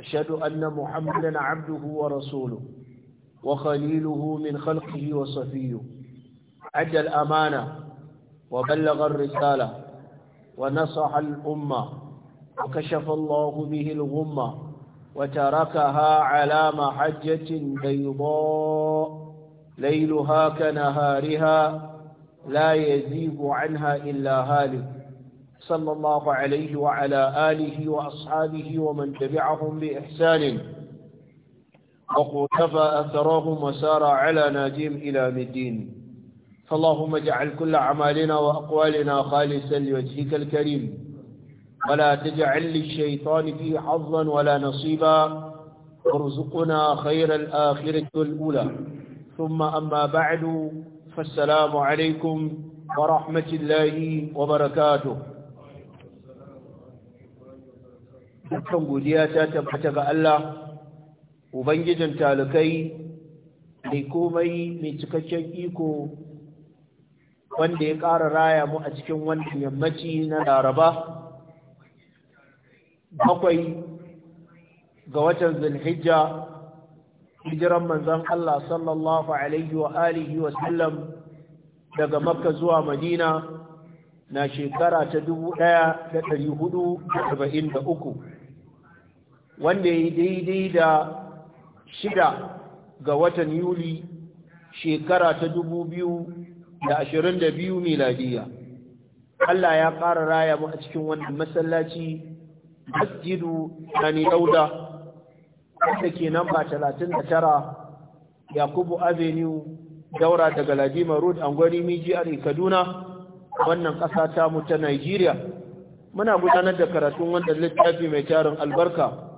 أشهد أن محمدا عبده ورسوله وخليله من خلقه وصفيه أدى الأمانة وبلغ الرسالة ونصح الأمة وكشف الله به الغمة وتركها على محجة بيضاء ليلها كنهارها لا يزيب عنها إلا هالك صلى الله عليه وعلى آله وأصحابه ومن تبعهم بإحسان وقتفى أثرهم وسار على ناجيم إلى مدين فاللهم اجعل كل أعمالنا وأقوالنا خالصا لوجهك الكريم ولا تجعل للشيطان فيه حظا ولا نصيبا وارزقنا خير الآخرة الأولى ثم أما بعد فالسلام عليكم ورحمة الله وبركاته dukkan godiya ta tabbata ga Allah ubangijin talukai mai komai mai cikakken iko wanda ya ƙara raya mu a cikin wannan yammaci na laraba bakwai ga watan zulhijja hijiran manzon Allah sallallahu alaihi wa alihi wa sallam daga makka zuwa madina na shekara ta uku. wanda ya yi daidai da shida ga watan yuli shekara ta dubu biyu da ashirin da biyu miladiya Allah ya ƙara raya mu a cikin wannan masallaci masjidu nani dauda wanda ke nan ba talatin da tara yakubu avenue daura daga ladima road angwari mijiyar kaduna wannan ƙasa mu ta Najeriya, muna gudanar da karatun wannan littafi mai tarin albarka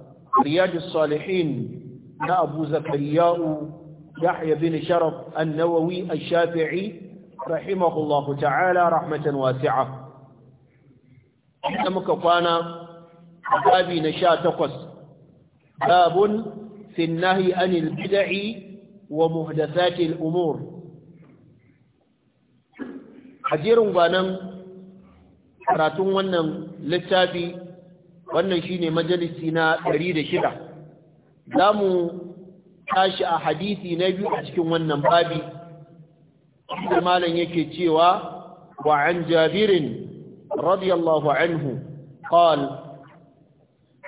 رياض الصالحين نا أبو زكرياء يحيى بن شرف النووي الشافعي رحمه الله تعالى رحمة واسعة إنما كفانا بابي نشاء تقص باب في النهي عن البدع ومهدثات الأمور حجير بانا راتون wannan littafi wannan shine majalisi na 106 zamu tashi a hadisi na biyu a cikin wannan babi da malam yake cewa wa an jabirin radiyallahu anhu kana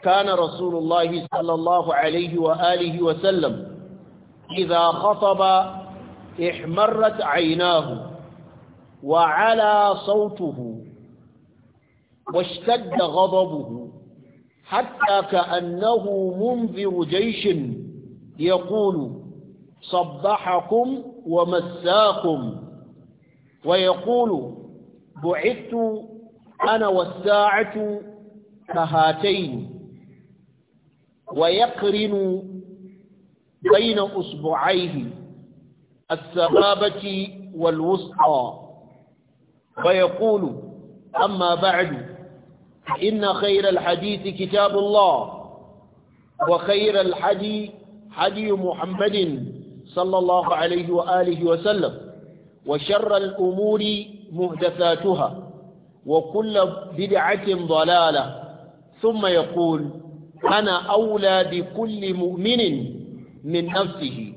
كان sallallahu الله wa الله wa sallam. وسلم إذا خطب احمرت عيناه وعلى صوته واشتد غضبه حتى كأنه منذر جيش يقول صبحكم ومساكم ويقول بعثت أنا والساعة كهاتين ويقرن بين أصبعيه السبابة والوسطى ويقول أما بعد إن خير الحديث كتاب الله وخير الحدي حدي محمد صلى الله عليه وآله وسلم وشر الأمور مهدثاتها وكل بدعة ضلالة ثم يقول أنا أولى بكل مؤمن من نفسه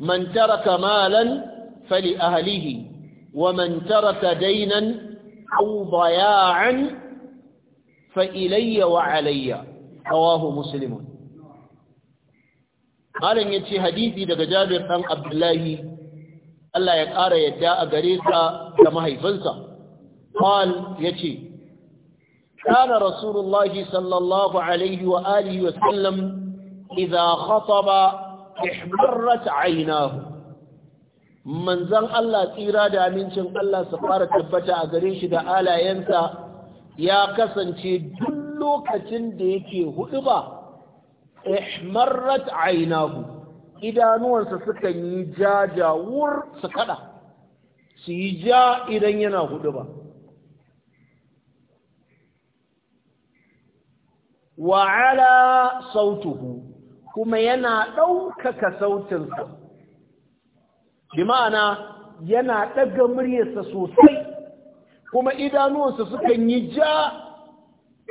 من ترك مالا فلأهله ومن ترك دينا أو ضياعا fa'ilayya wa alayya rawahu muslimun malam yace hadisi daga Jabir ɗan Abdullahi Allah ya ƙara yadda a gare sa da mahaifinsa qal yace kana rasulullahi sallallahu alaihi wa alihi wa sallam idza khataba ihbarrat aynahu manzan Allah tsira da amincin Allah su fara tabbata a gare shi da alayensa ya kasance duk lokacin da yake hudu ba ihmarrat ainahu idanuwansa suka yi jajawur su kada su yi ja idan yana hudu ba wa ala sautuhu kuma yana ɗaukaka sautinsa bi ma'ana yana ɗaga muryarsa sosai kuma idanuwansa sukan yi ja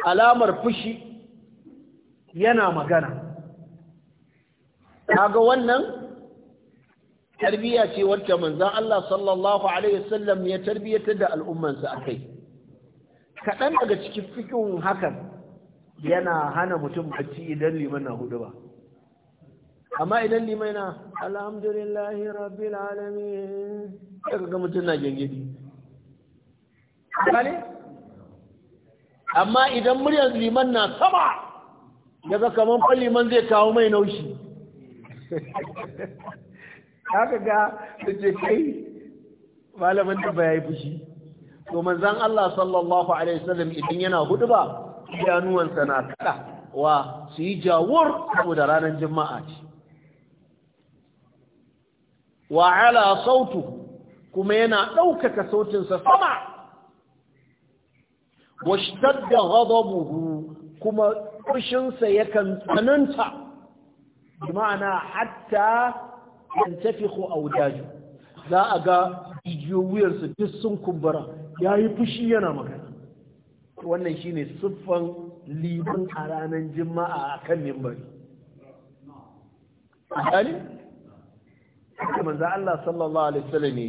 alamar fushi yana magana kaga wannan tarbiya ce wacce manzan Allah sallallahu alaihi wasallam ya tarbiyatar da al'ummansa akai kaɗan daga cikin fikin hakan yana hana mutum bacci idan liman na hudu ba amma idan liman na alhamdulillahi rabbil alamin daga ga mutum na gengedi gane amma idan muryar liman na sama daga kamar liman zai kawo mai naushi haka ga da ce kai malamin da ba ya yi fushi to manzan Allah sallallahu Alaihi wasallam idan yana hudu ba idanuwansa na kada wa su yi jawur saboda ranar Juma'a ce wa ala sautu kuma yana ɗaukaka sautinsa sama washtadda ghadabuhu kuma kushinsa yakan tsananta bi ma'ana hatta yantafikhu awdaju za a ga jijiyoyinsa duk sun kumbura yayi fushi yana magana wannan shine siffan liman a ranar jima'a a kan mimbari a hali? Manza Allah sallallahu Alaihi wasallam ne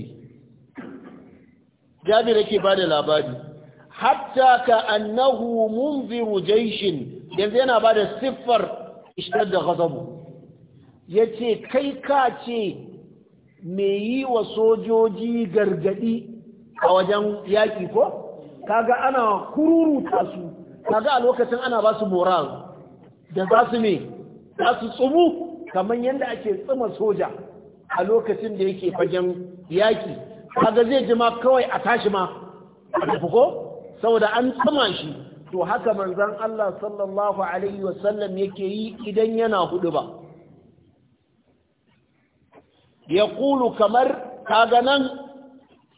jabir yake ba da labari hatta ka annahu munziru jaishin yanzu yana ba da siffar ishtar da gazabu ya ce kai ka ce mai yi wa sojoji gargadi a wajen yaƙi ko kaga ana kururuta su kaga a lokacin ana ba su moral da za su ne za su tsumu kamar yadda ake tsuma soja a lokacin da yake fagen yaƙi kaga zai jima kawai a tashi ma a tafi ko saboda an tsama shi to haka manzon Allah sallallahu alaihi wasallam yake yi idan yana hudu ba ya kulu kamar kaga nan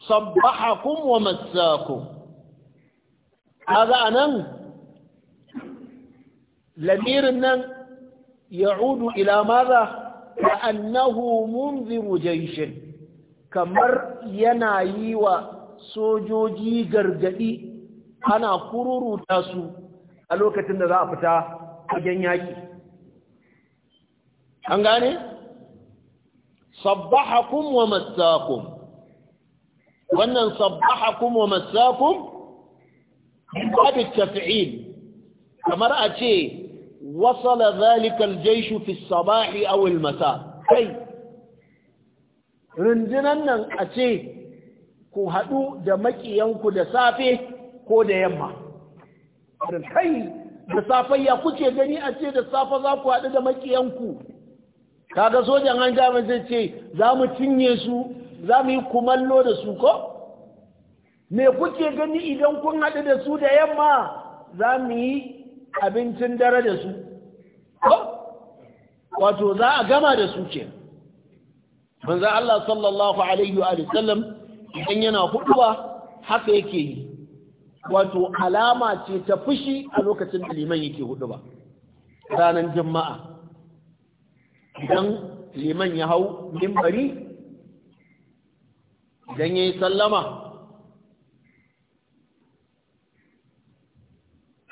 sabbahakum wa massakum kaga anan lamirin nan ya'udu ila madha ka'annahu munziru jayshin kamar yana yi wa sojoji gargadi ana kururuta su a lokacin da za a fita fagen yaki an gane sabbahakum wa massakum wannan sabbahakum wa massakum babu tafi'in. kamar a ce wasala zalika aljaysh fi as-sabah aw kai rundunan nan a ce ku haɗu da maƙiyanku da safe ko da yamma alhai kai da safe ya kuce gani a ce da safe za ku haɗu da makiyanku kaga sojan an jami zai ce za mu cinye su za mu yi kumallo da su ko me kuke gani idan kun haɗu da su da yamma za mu yi abincin dare da su ko? wato za a gama da su ce manzo Allah sallallahu alaihi wa sallam idan yana huɗuwa haka yake yi wato alama ce ta fushi a lokacin da liman yake hudu ba ranar jama'a idan liman ya hau mimbari idan ya yi sallama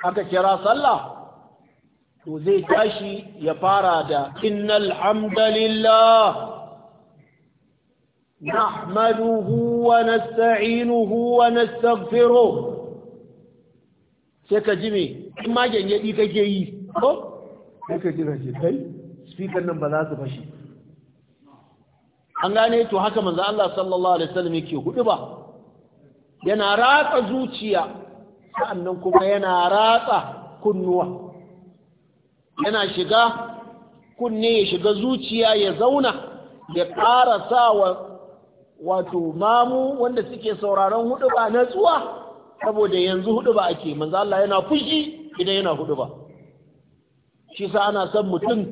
aka kira sallah to zai tashi ya fara da innal hamdalillah نحمده ونستعينه ونستغفره sai ka ji me in ma gyangyadi kake yi ko sai ka ji ce kai speaker nan ba za su fashi an gane to haka manzo Allah sallallahu alaihi wasallam yake hudu ba yana ratsa zuciya sa'annan kuma yana ratsa kunnuwa yana shiga kunne ya shiga zuciya ya zauna ya ƙara sa wa wato mamu wanda suke sauraron hudu ba natsuwa saboda yanzu hudu ba ake manzo Allah yana fushi idan yana hudu ba shi sa ana son mutum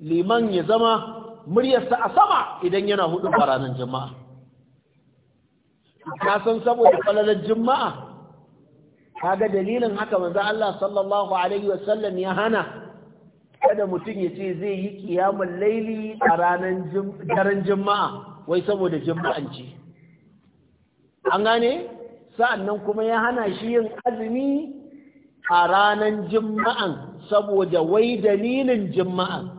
liman ya zama muryarsa a sama idan yana hudu ba ranar jama'a ka san saboda falalar jama'a kaga dalilin haka manzo Allah sallallahu alaihi wasallam ya hana kada mutum ya ce zai yi kiyamul laili a ranar daren jama'a wai saboda jama'an an gane sa'annan kuma ya hana shi yin azumi a ranar jima'an saboda wai dalilin jima'an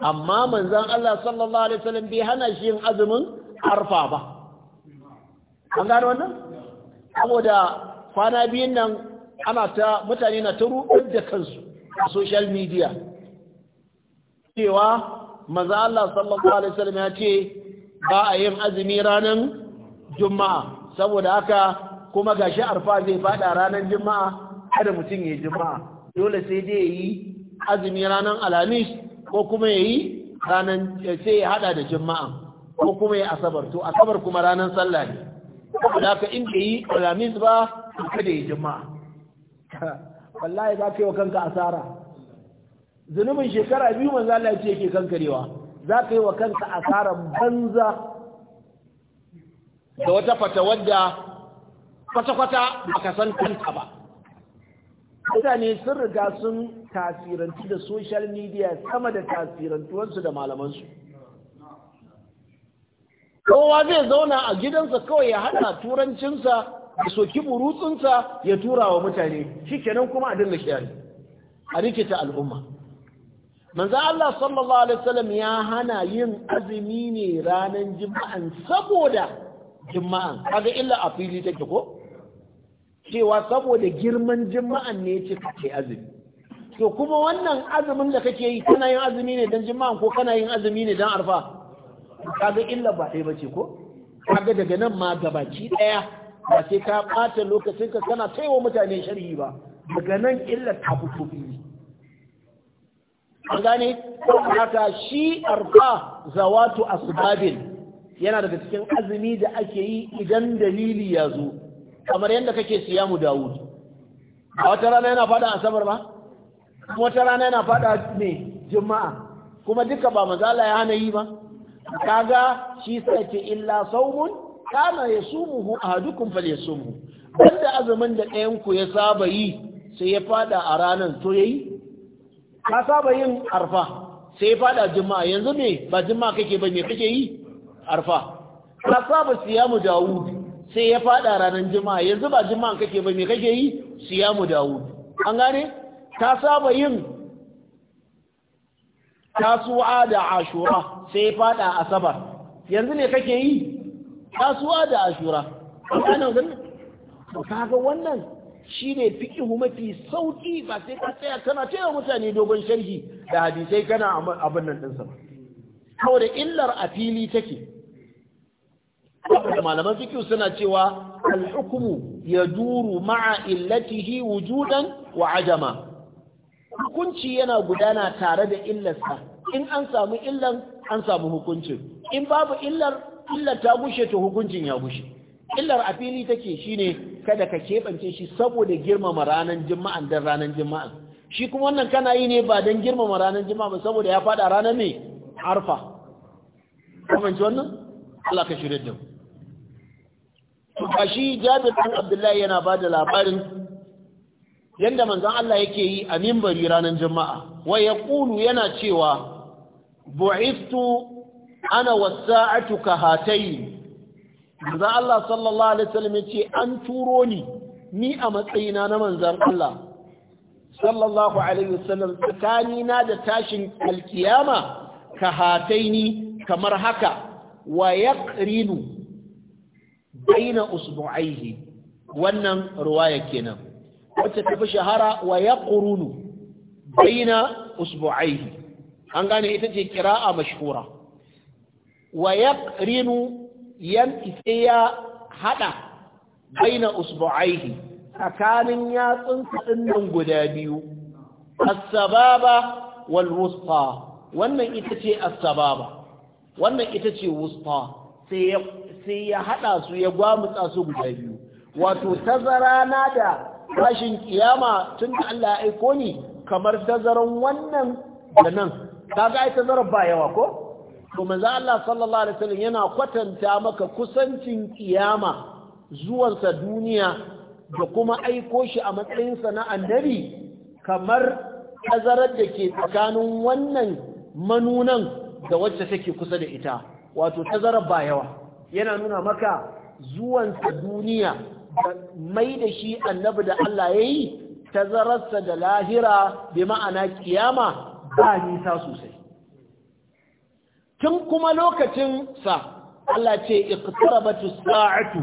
amma manzan Allah sallallahu Alaihi wasallam bai hana shi yin azumin arfa ba an gano wannan? saboda kwana biyun nan ana ta mutane na ta ruɗar da kansu a social media cewa maza Allah sallallahu Alaihi wasallam ya ce ba a yin azumi ranar juma'a saboda haka kuma gashi arfa zai fada ranar juma'a kada mutum ya juma'a dole sai dai yi azumi ranar alhamis ko kuma yayi ranar sai ya hada da juma'a ko kuma ya asabar to asabar kuma ranar sallah ne saboda haka in bai yi alhamis ba kada ya juma'a wallahi za ka yi wa kanka asara zunubin shekara biyu manzo Allah ya ce yake kankarewa za ka yi wa kanka asara banza da wata fata wadda kwata-kwata ka san kanta ba mutane sun riga sun tasirantu da social media sama da tasirantuwarsu da malamansu kowa zai zauna a gidansa kawai ya hana turancinsa da soki burutsunsa ya tura wa mutane shi kenan kuma a dinga shari, a rikita al'umma Manzan Allah sallallahu alaihi wasallam ya hana yin azumi ne ranar jima'an saboda jima'an kaga illa a fili take ko cewa saboda girman jima'an ne ce kake azumi to kuma wannan azumin da kake yi kana yin azumi ne dan jima'an ko kana yin azumi ne dan arfa kaga illa ba dai bace ko kaga daga nan ma gabaci daya ba sai ka lokacin ka kana taiwa mutane sharhi ba daga nan illa ta fito fili an gane haka shi arfa zawatu asbabin yana daga cikin azumi da ake yi idan dalili ya zo kamar yadda kake mu dawud a wata rana yana fada asabar ba kuma wata rana yana fada ne juma'a kuma duka ba mazala ya hana yi ba kaga shi sai ce illa saumun kana yasumuhu ahadukum falyasumhu wanda azumin da ɗayan ku ya saba yi sai ya fada a ranar to yayi ka saba yin arfa sai ya fada juma'a yanzu ne ba juma'a kake ba me kake yi arfa siya siyamu dawud sai ya fada ranar juma'a yanzu ba juma'an kake ba me kake yi siyamu dawud an gane ta saba yin tasu'a da ashura sai ya fada asabar yanzu ne kake yi tasu'a da ashura an gane wannan kaga wannan shine fiqhu mafi sauki ba sai ka tsaya kana cewa mutane dogon sharhi da hadisai kana abin nan din sa da illar a fili take malaman fikiyu suna cewa alhukumu ya duru ma'a illatihi wujudan wa ajama hukunci yana gudana tare da illarsa in an samu illan an samu hukuncin in babu illar illar ta gushe to hukuncin ya gushe illar a fili take shine kada ka keɓance shi saboda girmama ranar jima'an don ranar jima'an shi kuma wannan kana yi ne ba don girmama ranar jima'a ba saboda ya faɗa ranar mai arfa kamanci wannan Allah ka shirya da mu ba shi jabir ɗan abdullahi yana ba da labarin yadda manzan Allah yake yi a mimbari ranar jama'a wai ya ƙulu yana cewa bu'istu ana wasa'atu ka hatayi manzan Allah sallallahu alaihi wasallam ya ce an turo ni ni a matsayina na manzan Allah sallallahu alaihi wasallam tsakanina da tashin alkiyama ka ni kamar haka wa yaqrinu baina usbu'aihi wannan riwaya kenan wacce ta fi shahara wa yaqrunu baina usbu'aihi an gane ita ce qira'a mashhura wa yaqrinu yan ya hada baina usbu'aihi tsakanin yatsun ɗinnan guda biyu as-sababa wal wusta wannan ita ce as-sababa wannan ita ce wusta sai sai ya haɗa su ya gwamutsa su guda biyu wato tazara na da rashin kiyama tun da Allah ya aiko ni kamar tazaran wannan da nan kaga ai tazarar ba yawa ko to manzo Allah sallallahu alaihi wasallam yana kwatanta maka kusancin kiyama zuwansa duniya da kuma aiko shi a matsayin sa na annabi kamar tazarar da ke tsakanin wannan manunan da wacce take kusa da ita wato tazarar ba yawa yana nuna maka zuwansa duniya da mai da shi annabi da Allah ya yi tazararsa da lahira bi ma'ana kiyama ba nisa sosai tun kuma lokacin sa Allah ce iqtarabatu sa'atu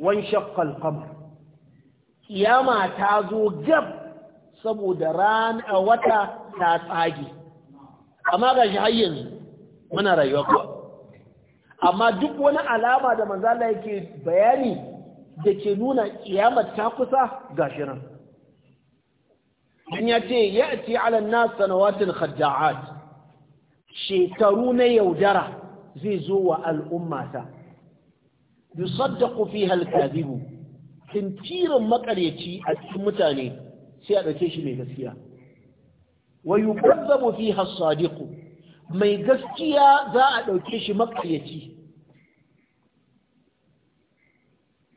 wan shaqqa Ƙiyama kiyama ta zo gab saboda rana wata ta tsage amma ga shi har yanzu muna rayuwa amma duk wani alama da manzala yake bayani da ke nuna kiyamar ta kusa gashi nan an ya ce ya'ti 'ala an sanawatin khadda'at shekaru na yaudara zai zo wa al'ummata yusaddaqu fiha al-kadhib tintirin makaryaci a cikin mutane sai a shi mai gaskiya wa yukazzabu fi as mai gaskiya za a ɗauke shi makayyaci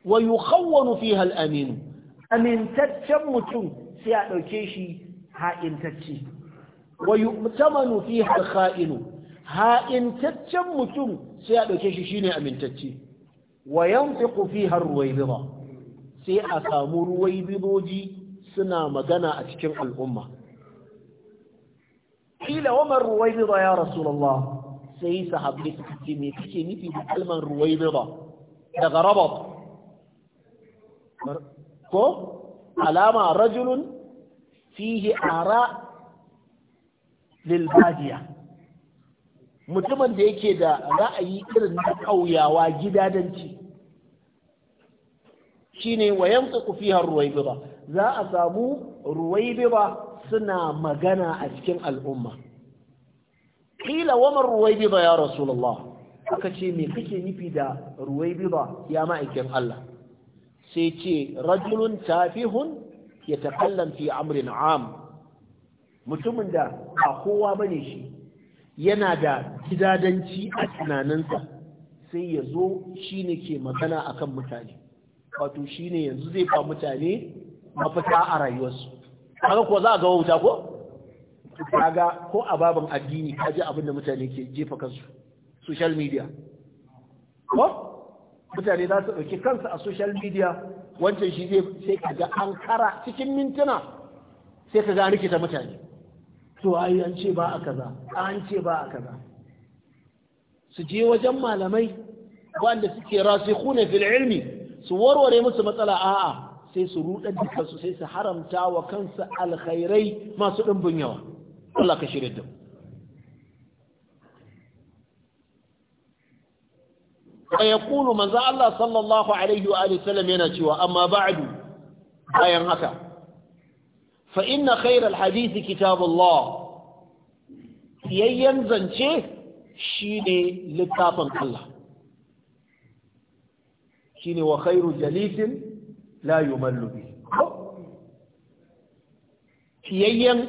wa yukhawwanu fiha al-amin amintaccen mutum sai a ɗauke shi ha'intacce wa yu'tamanu fiha al-kha'inu ha'intaccen mutum sai a ɗauke shi shine amintacce wa yanfiqu fiha ar-ruwaybida sai a samu ruwaybidoji suna magana a cikin al'umma kila wa man ruwaybida ya rasulullah sai sahabbai suka me kake nufi da kalmar ruwaybida daga rabat ko alama rajulun fihi ara lil badiya mutumin da yake da ra'ayi irin na kauyawa gidadanci shine wayan tsaku fihar ruwaibida za a samu ruwaibida suna magana a cikin al'umma ƙila wamar ruwaibida ya rasulullah aka ce me kake nufi da ruwaibida ya ma'aikin Allah sai ce rajulun tafihun ya taƙallanta fi amrin am mutumin da ba kowa bane shi yana da gidadanci a tunaninsa sai ya zo shi ne ke magana akan mutane wato shi ne yanzu zai fa mutane mafita a rayuwarsu kaga ko za a ga wuta ko kaga ko a babin addini kaji abin da mutane ke jefa kansu social media ko mutane za su ɗauki kansu a social media wancan shi zai sai kaga an kara cikin mintuna sai kaga an rikita mutane to ai an ce ba a kaza an ce ba a kaza su je wajen malamai wanda suke rasikhuna fil ilmi su warware musu matsala a'a sai su rudar da sai su haramta wa kansu alkhairai masu ɗimbin yawa Allah ka shirya da wa kulu manzo Allah sallallahu alaihi wa sallam yana cewa amma ba'adu bayan haka fa inna khayral hadisi kitabullah yayyan zance shine littafin Allah shine wa khairu jalisin la yumallu fiyayyen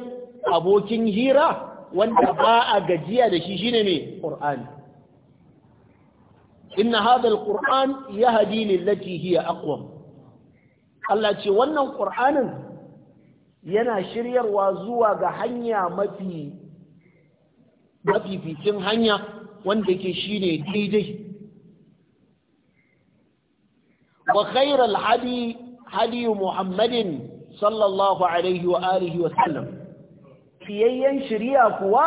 abokin hira wanda ba a gajiya da shi shine ne qur'ani inna hadha alquran yahdi lillati hiya aqwam Allah ce wannan qur'anin yana shiryarwa zuwa ga hanya mafi mafificin hanya wanda ke shine daidai wa khairal hadi hadi muhammadin sallallahu alaihi wa alihi wa sallam fiyayyen shari'a kuwa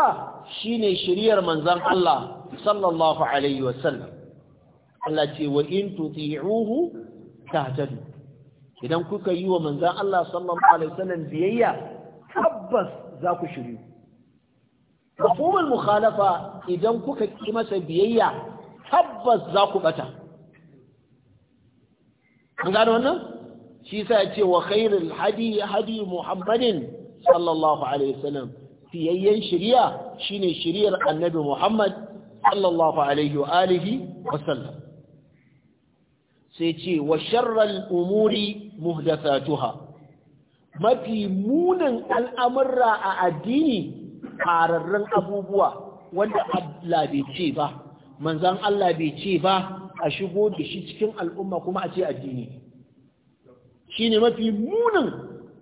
shine shari'ar manzon Allah sallallahu alaihi wa sallam Allah ce wa in tuti'uhu tahtadu idan kuka yi wa manzon Allah sallallahu alaihi wa sallam biyayya tabbas za ku shiryu mafhumul mukhalafa idan kuka ki masa biyayya tabbas za ku bata an gano wannan shi sa ya ce wa khairul hadi hadi muhammadin sallallahu alaihi wasallam fiyayyen shiriya shine shiriyar annabi muhammad sallallahu alaihi wa alihi wasallam sai ce wa sharral umuri muhdathatuha mafi munin al'amurra a addini ƙararrun abubuwa wanda Allah bai ce ba manzan Allah bai ce ba a shigo da shi cikin al'umma kuma a ce addini shine mafi munin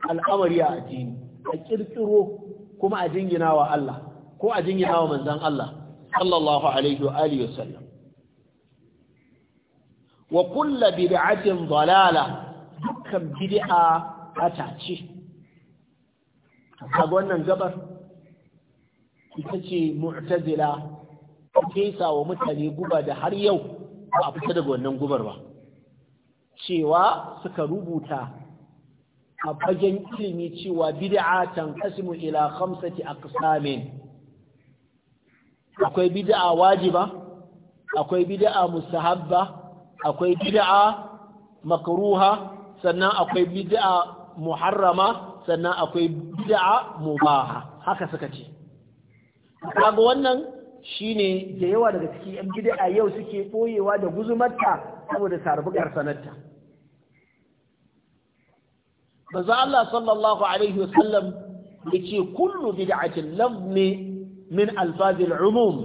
al'amari a addini a ƙirƙiro kuma a jingina wa Allah ko a jingina wa manzon Allah sallallahu alaihi wa alihi wasallam wa kulla bid'atin dalala dukkan bid'a ata ce a wannan gabar ita ce mu'tazila kesa wa mutane guba da har yau ba a fita daga wannan gubar ba cewa suka rubuta a fagen ilimi cewa bid'a kasimu ila khamsati aqsamin akwai bid'a wajiba akwai bid'a mustahabba akwai bid'a makruha sannan akwai bid'a muharrama sannan akwai bid'a mubaha haka suka ce kaga wannan shine da yawa daga cikin yan bid'a yau suke ɓoyewa da guzumarta saboda sarbukar sanarta manzo Allah sallallahu alaihi wasallam yace kullu bid'atin lafzi min alfazil umum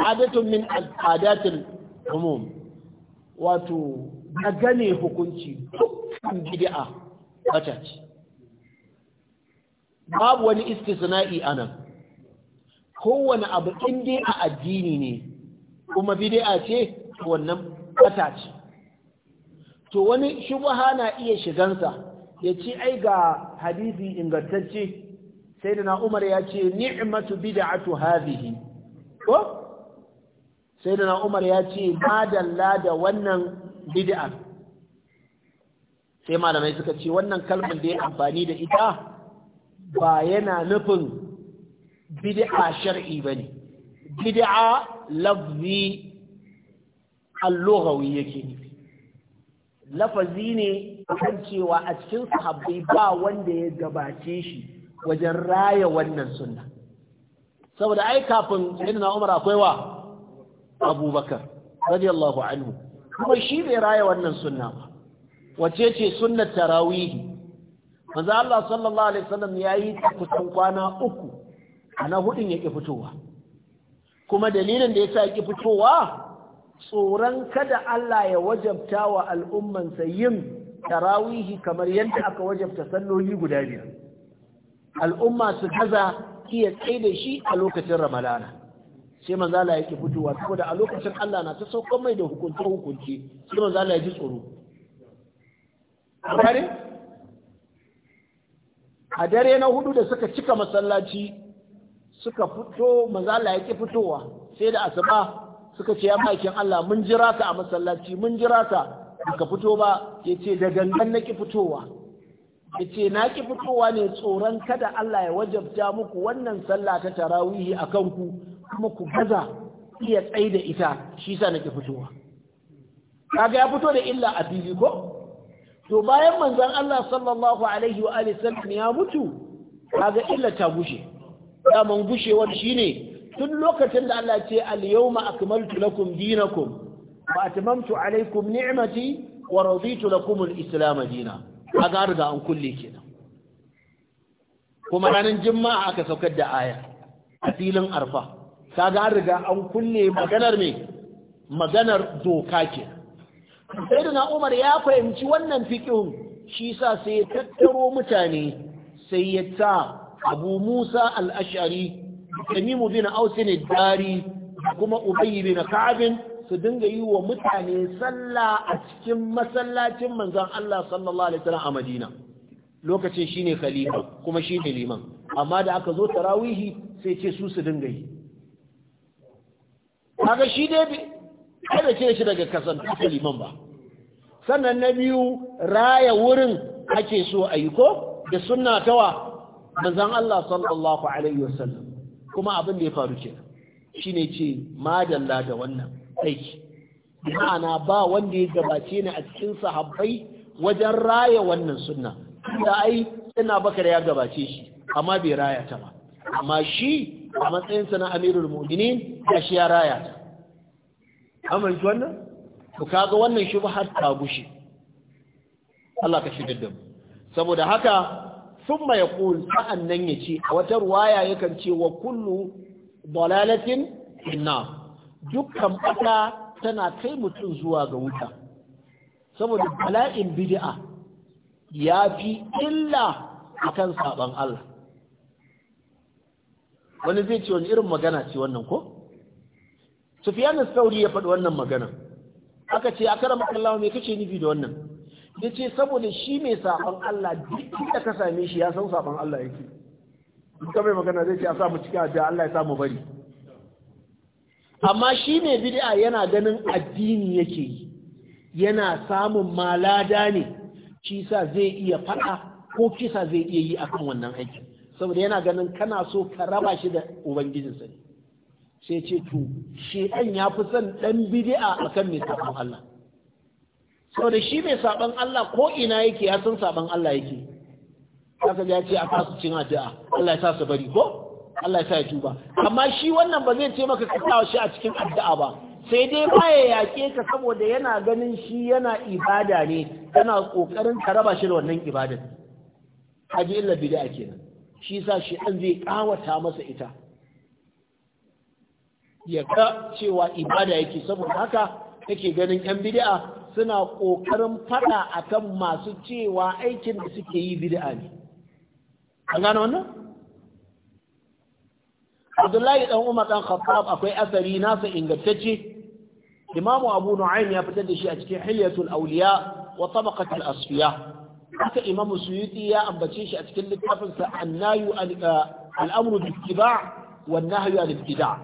adatun min al'adatil umum wato gane hukunci dukkan bid'a wata ce babu wani istisna'i anan kowane abu in dai a addini ne kuma bid'a ce wannan wata ce to wani shubha na iya shigansa ya ce ai ga hadisi ingantacce sai na umar ya ce ni'matu bid'atu hadhihi ko sai na umar ya ce madalla da wannan bid'a sai malamai suka ce wannan kalmar da ya amfani da ita ba yana nufin bid'a shar'i bane bid'a lafzi al-lughawi yake nufi lafazi ne kan cewa a cikin sahabbai ba wanda ya gabace shi wajen raya wannan sunna saboda ai kafin sayyidina Umar akwai wa Abubakar radiyallahu anhu kuma shi bai raya wannan sunna ba wace ce sunnar tarawih manzo Allah sallallahu alaihi wasallam yayi kusan kwana uku ana hudin yake fitowa kuma dalilin da yasa yake fitowa tsoron kada Allah ya wajabta wa al'ummansa yin tarawihi kamar yadda aka wajabta salloli guda biyar al'umma su gaza iya tsaida shi a lokacin ramadana sai manzo Allah yake fitowa saboda a lokacin Allah na ta saukar mai da hukunci hukunci sai manzo Allah ya ji tsoro kare a dare na hudu da suka cika masallaci suka fito manzo Allah yake fitowa sai da asuba suka ce ya makin Allah mun jira ka a masallaci mun jira ka baka fito ba ya ce da gangan na ki fitowa ya ce na ki fitowa ne tsoron kada Allah ya wajabta muku wannan sallah ta tarawihi a kanku kuma ku gaza iya tsaye da ita shi sa na ki fitowa kaga ya fito da illa a fili ko to bayan manzon Allah sallallahu alaihi wa alihi sallam ya mutu kaga illa ta gushe daman gushewar shine tun lokacin da Allah ce al yawma akmaltu lakum dinakum wa atmamtu alaikum ni'mati wa raditu lakum al-islam dinan kaga riga an kulle kenan kuma ranar juma'a aka saukar da aya a filin arfa kaga an riga an kulle maganar doka maganar doka ke sayyidina Umar ya fahimci wannan fiqhun shi sa sai ya tattaro mutane sai ya ta Abu Musa al-Ash'ari Tamimu bin Aus ne Dari kuma Ubay bin Ka'ab su dinga yi wa mutane sallah a cikin masallacin manzon Allah sallallahu alaihi wasallam a Madina lokacin shine khalifa kuma shine liman amma da aka zo tarawihi sai ce su su dinga yi kaga shi dai kada ce shi daga kasantar liman ba sannan na biyu raya wurin ake so a yi ko da sunna tawa manzon Allah sallallahu alaihi wasallam kuma abin da ya faru kenan shine ce madalla da wannan aiki ma'ana ba wanda ya gabace ni a cikin sahabbai wajen raya wannan sunna da ai ina bakar ya gabace shi amma bai raya ta ba amma shi a matsayinsa na amirul mu'minin ya shi ya raya ta amince wannan to kaga wannan shi har ta gushe Allah ka shigar da mu saboda haka sa'an nan sa'annan ce, a wata ruwaya yakan ce wa kullu dalalatin inna. dukkan ƙasa tana kai mutum zuwa ga wuta saboda bala'in bid'a ya fi illa akan saɓan Allah wani zai ce wani irin magana ce wannan ko Sufyan sauri ya faɗi wannan magana aka ce a akrama Allah mai kace nufi da wannan Ya ce saboda shi mai saɓan Allah duk da ka same shi ya san saɓan Allah yake duka mai magana zai ce a sa mu cikin ajiya Allah ya sa mu bari amma shi ne bid'a yana ganin addini yake yi yana samun malada ne kisa zai iya faɗa ko kisa zai iya yi akan wannan aiki saboda yana ganin kana so ka raba shi da ubangijinsa ne sai ce to shi ɗan ya fi son ɗan bid'a akan mai sabon Allah saboda shi mai sabon Allah ko ina yake ya san sabon Allah yake ya ce a fasu cin addu'a Allah ya sa su bari ko Allah ya sa ya tuba amma shi wannan ba zai ce maka ka shi a cikin addu'a ba sai dai baya yake ka saboda yana ganin shi yana ibada ne yana kokarin ka raba shi da wannan ibadar haji illa bid'a kenan shi sa shi an zai kawata masa ita ya ga cewa ibada yake saboda haka kake ganin yan bid'a suna kokarin fada akan masu cewa aikin da suke yi bid'a ne an gano wannan Abdullahi dan Umar dan Khattab akwai asari nasa ingantacce Imam Abu Nu'aym ya fitar da shi a cikin Hilyatul Awliya wa Tabaqatul Asfiya haka Imam Suyuti ya ambace shi a cikin littafin sa An-Nahyu uh, al-Amru bil Ittiba' wan Nahyu al Ibtida'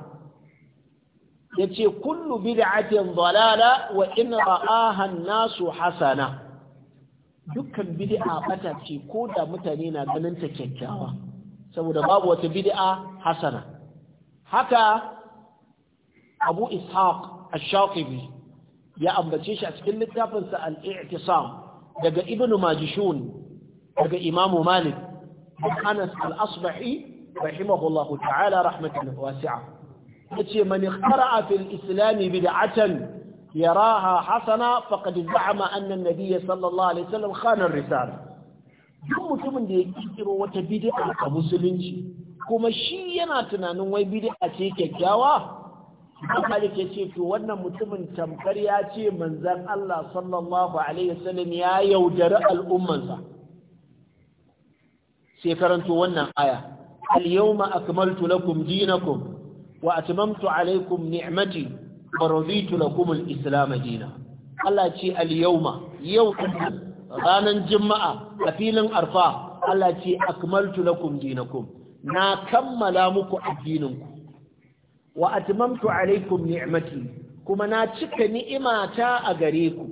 yace kullu bid'atin dalala wa in ra'aha an-nasu hasana dukkan bid'a bata ce ko da mutane na ganin ta kyakkyawa saboda babu wata bid'a hasana haka abu ishaq ash ya ambace shi a cikin littafinsa al-i'tisam daga ibnu majishun daga imamu malik anas al-asbahi rahimahullahu ta'ala rahmatan wasi'a yace man ikhtara'a fil islam bid'atan yaraha hasana faqad za'ama anna an-nabiy sallallahu alaihi wasallam khana ar-risala duk mutumin da ya kiro wata bid'a a musulunci kuma shi yana tunanin wai bid'a ce kyakkyawa Malik ya ce to wannan mutumin tamkar ya ce manzan Allah sallallahu alaihi wasallam ya yaudari al'ummansa sai karanto wannan aya al-yawma akmaltu lakum dinakum wa atmamtu alaykum ni'mati wa raditu lakum al-islam dina. Allah ce al-yawma yau ranan juma'a a filin arfa Allah ce akmaltu lakum dinakum na kammala muku addininku wa atmamtu alaikum ni'mati kuma na cika ni'imata a gare ku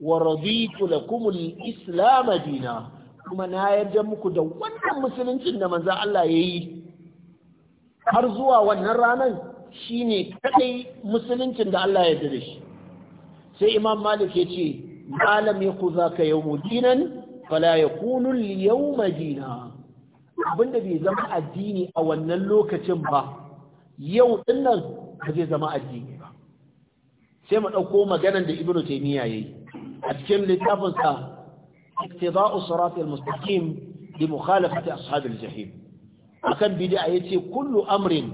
wa raditu lakum al-islam dina kuma na yarda muku da wannan musuluncin da manzo Allah yayi har zuwa wannan ranan shine kadai musuluncin da Allah ya yarda shi sai imam malik ya ce malam ya ka dinan fala ya al yau dina. abin da bai zama addini a wannan lokacin ba yau dinnan ba zai zama addini ba sai mu ɗauko maganar da ibnu taymiya yayi a cikin littafin sa iktida'u siratal mustaqim li mukhalafati ashabil jahim akan bid'a yace kullu amrin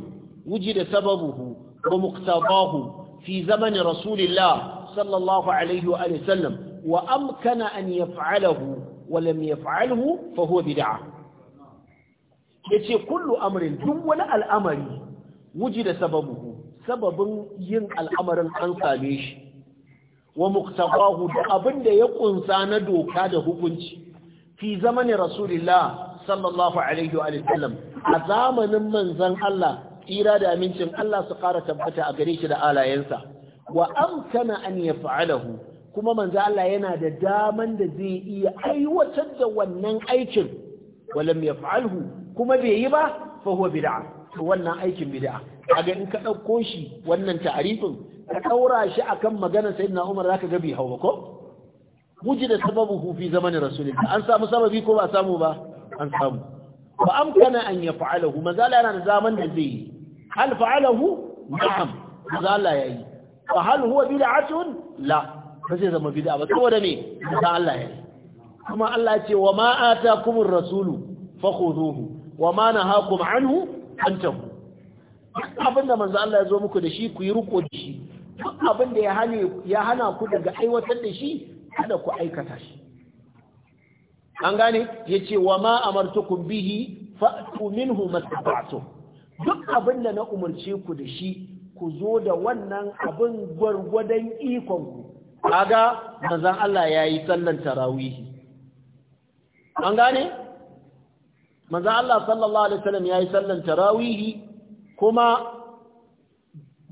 wujida sababuhu wa muqtadahu fi zamani rasulillah sallallahu alaihi wa alihi sallam wa amkana an yaf'alahu wa lam yaf'alhu fa huwa bid'ah ya ce kullu amrin duk wani al'amari wuji da sababu sababin yin al'amarin an same shi wa muktabahu da abin da ya kunsa na doka da hukunci fi zamanin rasulillah sallallahu alaihi wa sallam a zamanin manzan Allah tsira da amincin Allah su ƙara tabbata a gare shi da alayensa wa amkana an yaf'alahu kuma manzo Allah yana da daman da zai iya aiwatar da wannan aikin walam yaf'alhu kuma bai yi ba fa huwa to wannan aikin bida'a. A ga in ka ɗauko shi wannan ta'arifin ka ɗaura shi a akan maganar sayyidina Umar zaka ga bai hau ba ko da sababu fi zamanin rasulillah an samu sababi ko ba samu ba an samu ba amkana an yaf'alahu mazala yana da zaman da zai yi hal fa'alahu na'am mazala yayi fa hal huwa bid'atun la ba zai zama bid'a ba saboda me da Allah ya yi. kuma Allah ya ce wa ma atakumur rasulu fakhuduhu wa ma nahakum anhu fantahu abinda manzo Allah ya zo muku da shi ku yi riko da shi duk abinda ya hane ya hana ku daga aiwatar da shi kada ku aikata shi an gane yace wa ma amartukum bihi fa'tu minhu duk abinda na umarce ku da shi ku zo da wannan abin gwargwadon ikon ku kaga manzon Allah yayi sallan tarawihi an gane manzo Allah sallallahu alaihi wasallam yayi sallan tarawihi kuma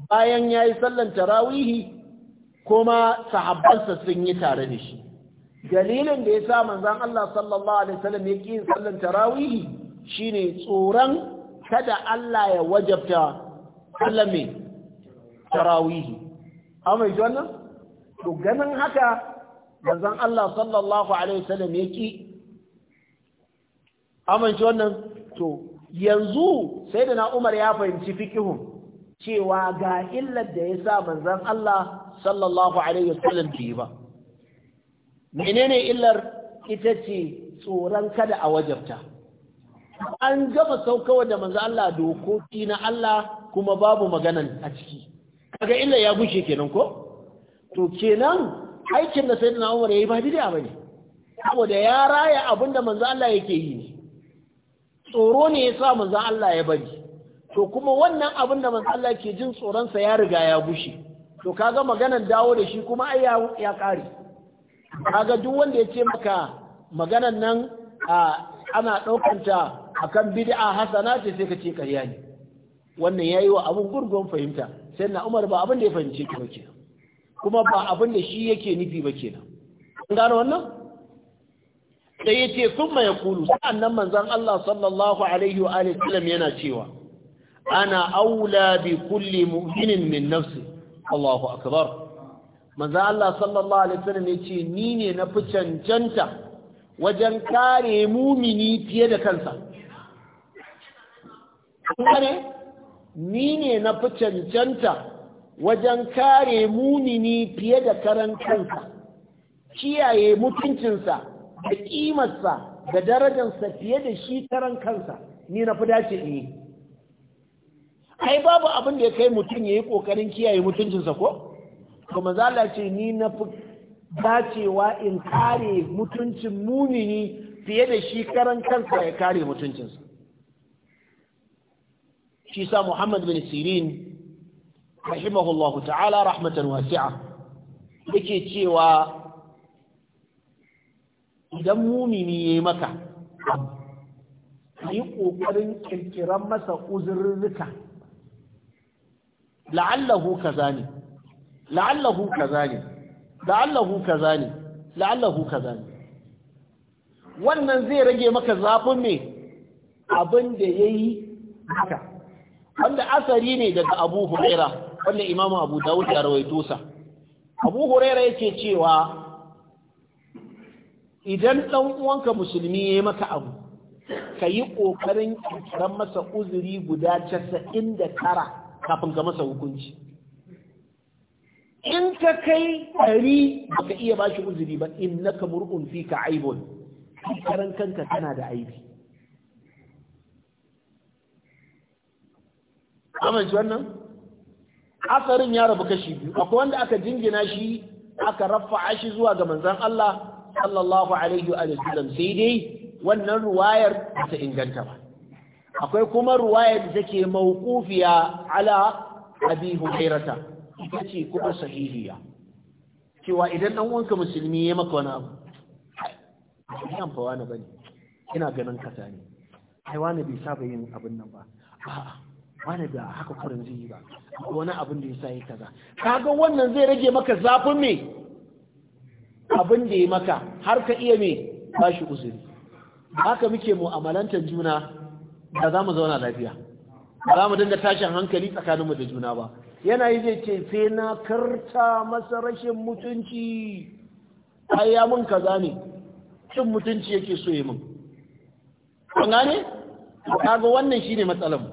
bayan yayi sallan tarawihi kuma sahabbansa sun yi tare da shi dalilin da yasa manzon Allah sallallahu alaihi wasallam yake yin sallan tarawihi shine tsoron kada Allah ya wajabta sallame tarawihi amma ji wannan to ganin haka manzon Allah sallallahu alaihi wasallam yake amince wannan to yanzu sai da na umar ya fahimci fikihun cewa ga illar da ya sa manzan Allah sallallahu alaihi wasallam ke ba menene illar ita ce tsoron kada a wajabta an gaba saukawa da manzan Allah dokoki na Allah kuma babu maganan a ciki kaga illar ya gushe kenan ko to kenan aikin da sayyidina Umar yayi ba bid'a bane saboda ya raya da manzo Allah yake yi ne tsoro ne ya sa manzan Allah ya bari to kuma wannan abin da manzan Allah ke jin tsoronsa ya riga ya gushe to kaga maganan dawo da shi kuma ai ya kare kaga duk wanda ya ce maka maganan nan ana ɗaukanta akan bid'a hasana ce sai ka ce karya ne wannan yayi wa abun gurgun fahimta sai na Umar ba abin da ya fahimce ki ba kenan kuma ba abin da shi yake nufi ba kenan an gano wannan sai ya ce sun mai kulu sa'annan manzan Allah sallallahu Alaihi yana cewa ana aula bi kulli mu'minin min nafsi Allahu akbar manzan Allah sallallahu Alaihi ya ce ni ne na fi cancanta wajen kare mumini fiye da kansa ni ne na fi cancanta wajen kare mumini fiye da karan kansa kiyaye mutuncinsa da ƙimarsa da darajarsa fiye da shi karan kansa ni na fi dace ne ai babu abin da ya kai mutum ya yi ƙoƙarin kiyaye mutuncinsa ko kuma zala ce ni na fi dacewa in kare mutuncin mumini fiye da shi karan kansa ya kare mutuncinsa shi sa muhammad bin sirin rahimahullahu ta'ala rahmatan wasi'a yake cewa idan mumini ya yi maka yi ƙoƙarin ƙirƙiran masa uzurrika la'allahu ne la'allahu kaza ne la'allahu ne la'allahu ne wannan zai rage maka zafin mai abin da ya yi maka wanda asari ne daga abu huraira wanda imamu abu dawud ya rawaito sa abu huraira yake cewa idan ɗan uwanka musulmi ya yi maka abu ka yi ƙoƙarin ƙirƙirar masa uzuri guda casa'in da tara kafin ka masa hukunci in ka kai ɗari baka iya ba shi uzuri ba in na ka mur'un fi ka karan kanka kana da aibi amince wannan asarin ya rabu kashi biyu akwai wanda aka jingina shi aka rafa shi zuwa ga manzan Allah sallallahu alaihi wa sallam sai dai wannan ruwayar ta inganta ba akwai kuma ruwayar da take mawqufiya ala abi hurairata ita ce kuma sahihiya cewa idan dan wanka musulmi ya maka wani abu ina fa wani bane ina ganin kasa ne ai wani bai saba yin abin nan ba a'a wani da haka kurin zai yi ba wani abin da ya sa yi kaza kaga wannan zai rage maka zafin me abin da ya maka har ka iya me ba shi uzuri haka muke mu'amalantar juna da za mu zauna lafiya ba za mu dinga tashin hankali tsakaninmu da juna ba yana yi zai ce sai na karta masa rashin mutunci ai ya mun kaza ne cin mutunci yake so yi mun kun gane kaga wannan shine matsalar mu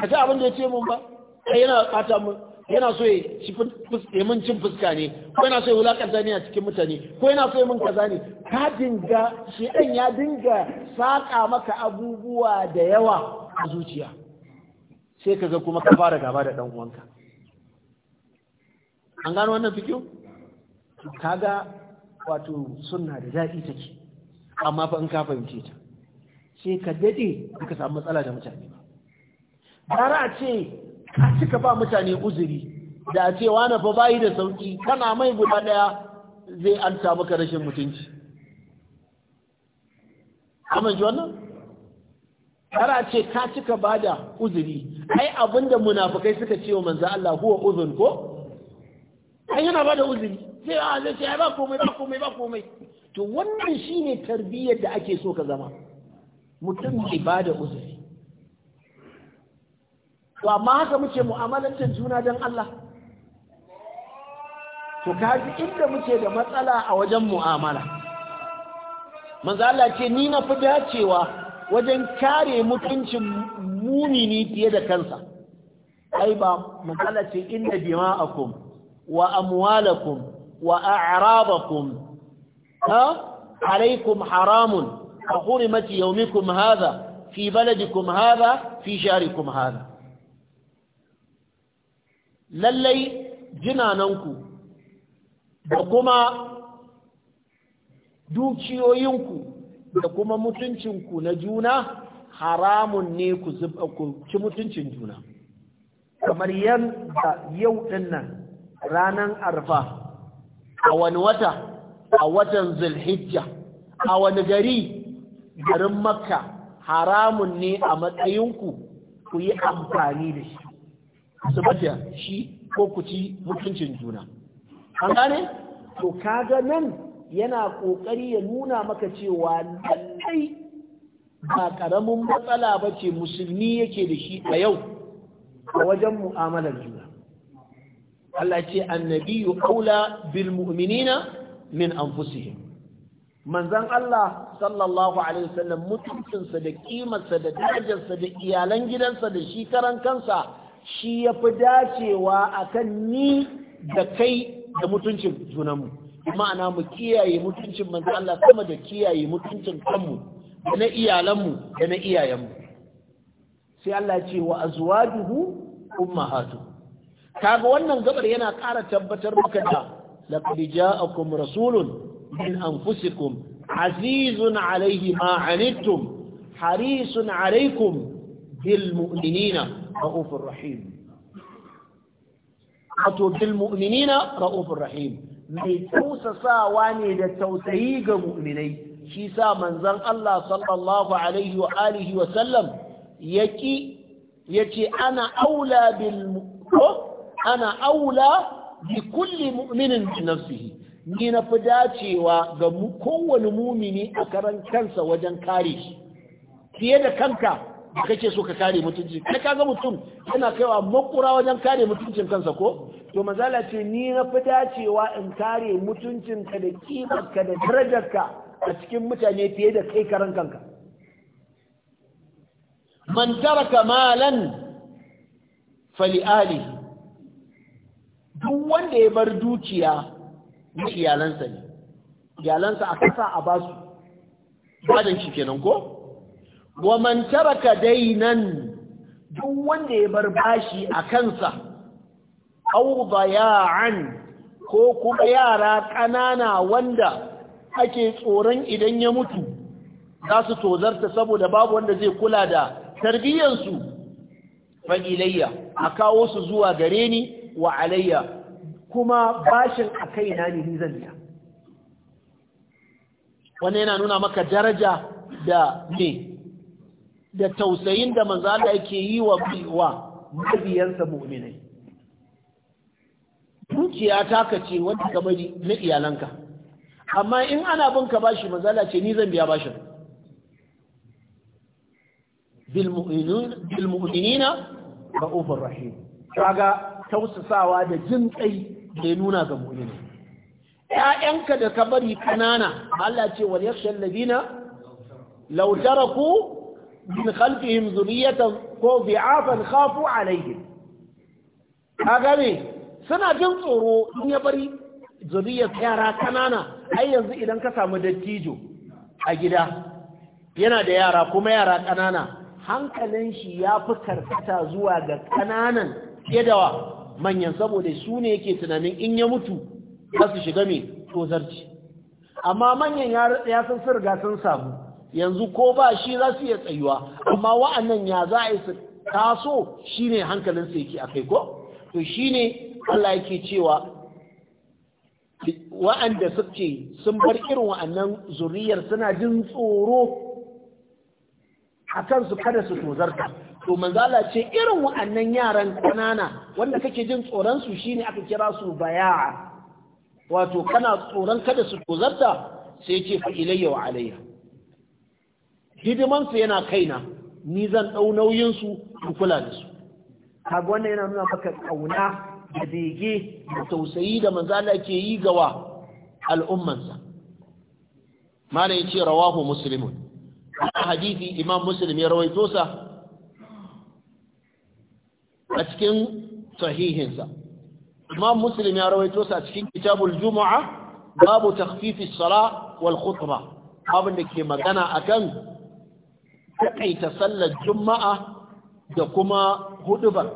ka abin da ya ce mun ba sai yana bata mun yana so ya mun cin fuska ne ko yana so ya wulakanta ne a cikin mutane ko yana so ya mun kaza ne ka dinga shi ɗan ya dinga saƙa maka abubuwa da yawa a zuciya sai ka ga kuma ka fara gaba da ɗan uwanka an gano wannan fikiyo kaga wato sunna da daɗi take amma fa in ka fahimce ta sai ka daɗe ka samu matsala da mutane ba gara a ce a cika ba mutane uzuri da a ce wani fa bayi da sauki kana mai guda daya zai an samu ka rashin mutunci amince wannan kara ce ka cika ba da uzuri ai abinda munafukai suka ce wa manzo Allah huwa uzun ko ai yana ba da uzuri sai a ah, zai ce ba komai ba komai ba komai to wannan shine tarbiyyar da ake so ka zama mutum mai ba da uzuri to amma haka muke mu'amalantar juna don Allah to kaji inda muke da matsala a wajen mu'amala manzo Allah ce ni na fi dacewa wajen kare mutuncin mumini fiye da kansa ai ba matsala ce inna dima'akum wa amwalakum wa a'rabakum ha alaikum haramun a hurimat yaumikum hadha fi baladikum hadha fi sharikum hadha lallai jinananku da kuma dukiyoyinku da kuma mutuncinku na juna haramun ne ku ci mutuncin juna kamar yadda yau dinnan ranar arfa a wani wata a watan zulhijja a wani gari garin makka haramun ne a matsayinku ku yi amfani da shi zubar da shi ko ku ci mutuncin juna an gane to kaga nan yana ƙoƙari ya nuna maka cewa lallai ba ƙaramin matsala ba ce musulmi yake da shi a yau a wajen mu'amalar juna Allah ce annabiyu aula bil mu'minina min anfusihim manzan Allah sallallahu alaihi wasallam mutuncinsa da kimarsa da darajarsa da iyalan gidansa da shi karan kansa shi ya fi dacewa akan ni da kai da mutuncin junanmu ma'ana mu kiyaye mutuncin manzo Allah sama da kiyaye mutuncin kanmu da na iyalanmu da na iyayenmu sai Allah ce wa azwajuhu ummahatu kaga wannan gabar yana ƙara tabbatar maka da laqad ja'akum rasulun min anfusikum azizun alayhi ma anittum harisun alaykum bil mu'minina رؤوف رحيم wato bilmuminina mu'minina ra'ufur rahim mai tausasawa ne da tausayi ga mu'minai shi sa manzon Allah sallallahu alaihi wa alihi wa sallam yaki yace ana aula bil ana aula bi kulli mu'minin bi nafsihi ni na fi dacewa ga kowane mumini a karan kansa wajen kare shi fiye da kanka da kake so ka kare mutunci kai ka ga mutum yana kaiwa makura wajen kare mutuncin kansa ko to mazala ce ni na fi dacewa in kare mutuncin ka da kimar ka da darajar ka a cikin mutane fiye da kai karan kanka man taraka malan fali ali duk wanda ya bar dukiya na iyalansa ne iyalansa a kasa a basu badan shi kenan ko wa man taraka dainan duk wanda ya bar bashi a kansa aw daya'an ko kuma yara kanana wanda ake tsoron idan ya mutu za su tozarta saboda babu wanda zai kula da tarbiyyarsu fa ilayya a kawo su zuwa gare ni wa alayya kuma bashin a na ne zan wannan yana nuna maka daraja da me da tausayin da manzo Allah yake yi wa baiwa mabiyansa mu'minai dukiya ta kace wanda ka bari na iyalanka amma in ana bin ka bashi manzo ce ni zan biya bashin bil mu'minun bil mu'minina ra'ufur rahim kaga tausasawa da jin kai da nuna ga mu'minai ƴaƴanka da ka bari kanana Allah ce wal yakhshal ladina law taraku min khalqihim zuriyatan ko bi'afan khafu alaihim kaga suna jin tsoro in ya bari zuriyar yara kanana har yanzu idan ka samu dattijo a gida yana da yara kuma yara kanana hankalin shi ya fi karkata zuwa ga kananan yadawa manyan saboda su ne yake tunanin in ya mutu za su shiga mai tozarci amma manyan ya san sun riga sun samu yanzu ko ba shi za su iya tsayuwa amma wa'annan ya za a yi su taso shine hankalin su yake kai ko to shi ne Allah yake cewa wa'anda suke sun bar irin wa'annan zuriyar suna jin tsoro a su kada su tozarta to manzala ce irin wa'annan yaran kanana wanda kake jin tsoron su ne aka kira su baya wato kana tsoron kada su tozarta sai ce fa wa alayya hidimansu yana kaina ni zan ɗau nauyinsu in kula da su kaga wannan yana nuna maka ƙauna da bege da tausayi da manzala ke yi gawa al'ummansa mala ya ce rawahu muslimun a hadithi imam muslim ya rawaito sa a cikin sahihinsa imam muslim ya rawaito sa a cikin kitabul juma'a babu takfifi sala wal khutba abin da ke magana akan taƙaita sallar juma'a da kuma hudubar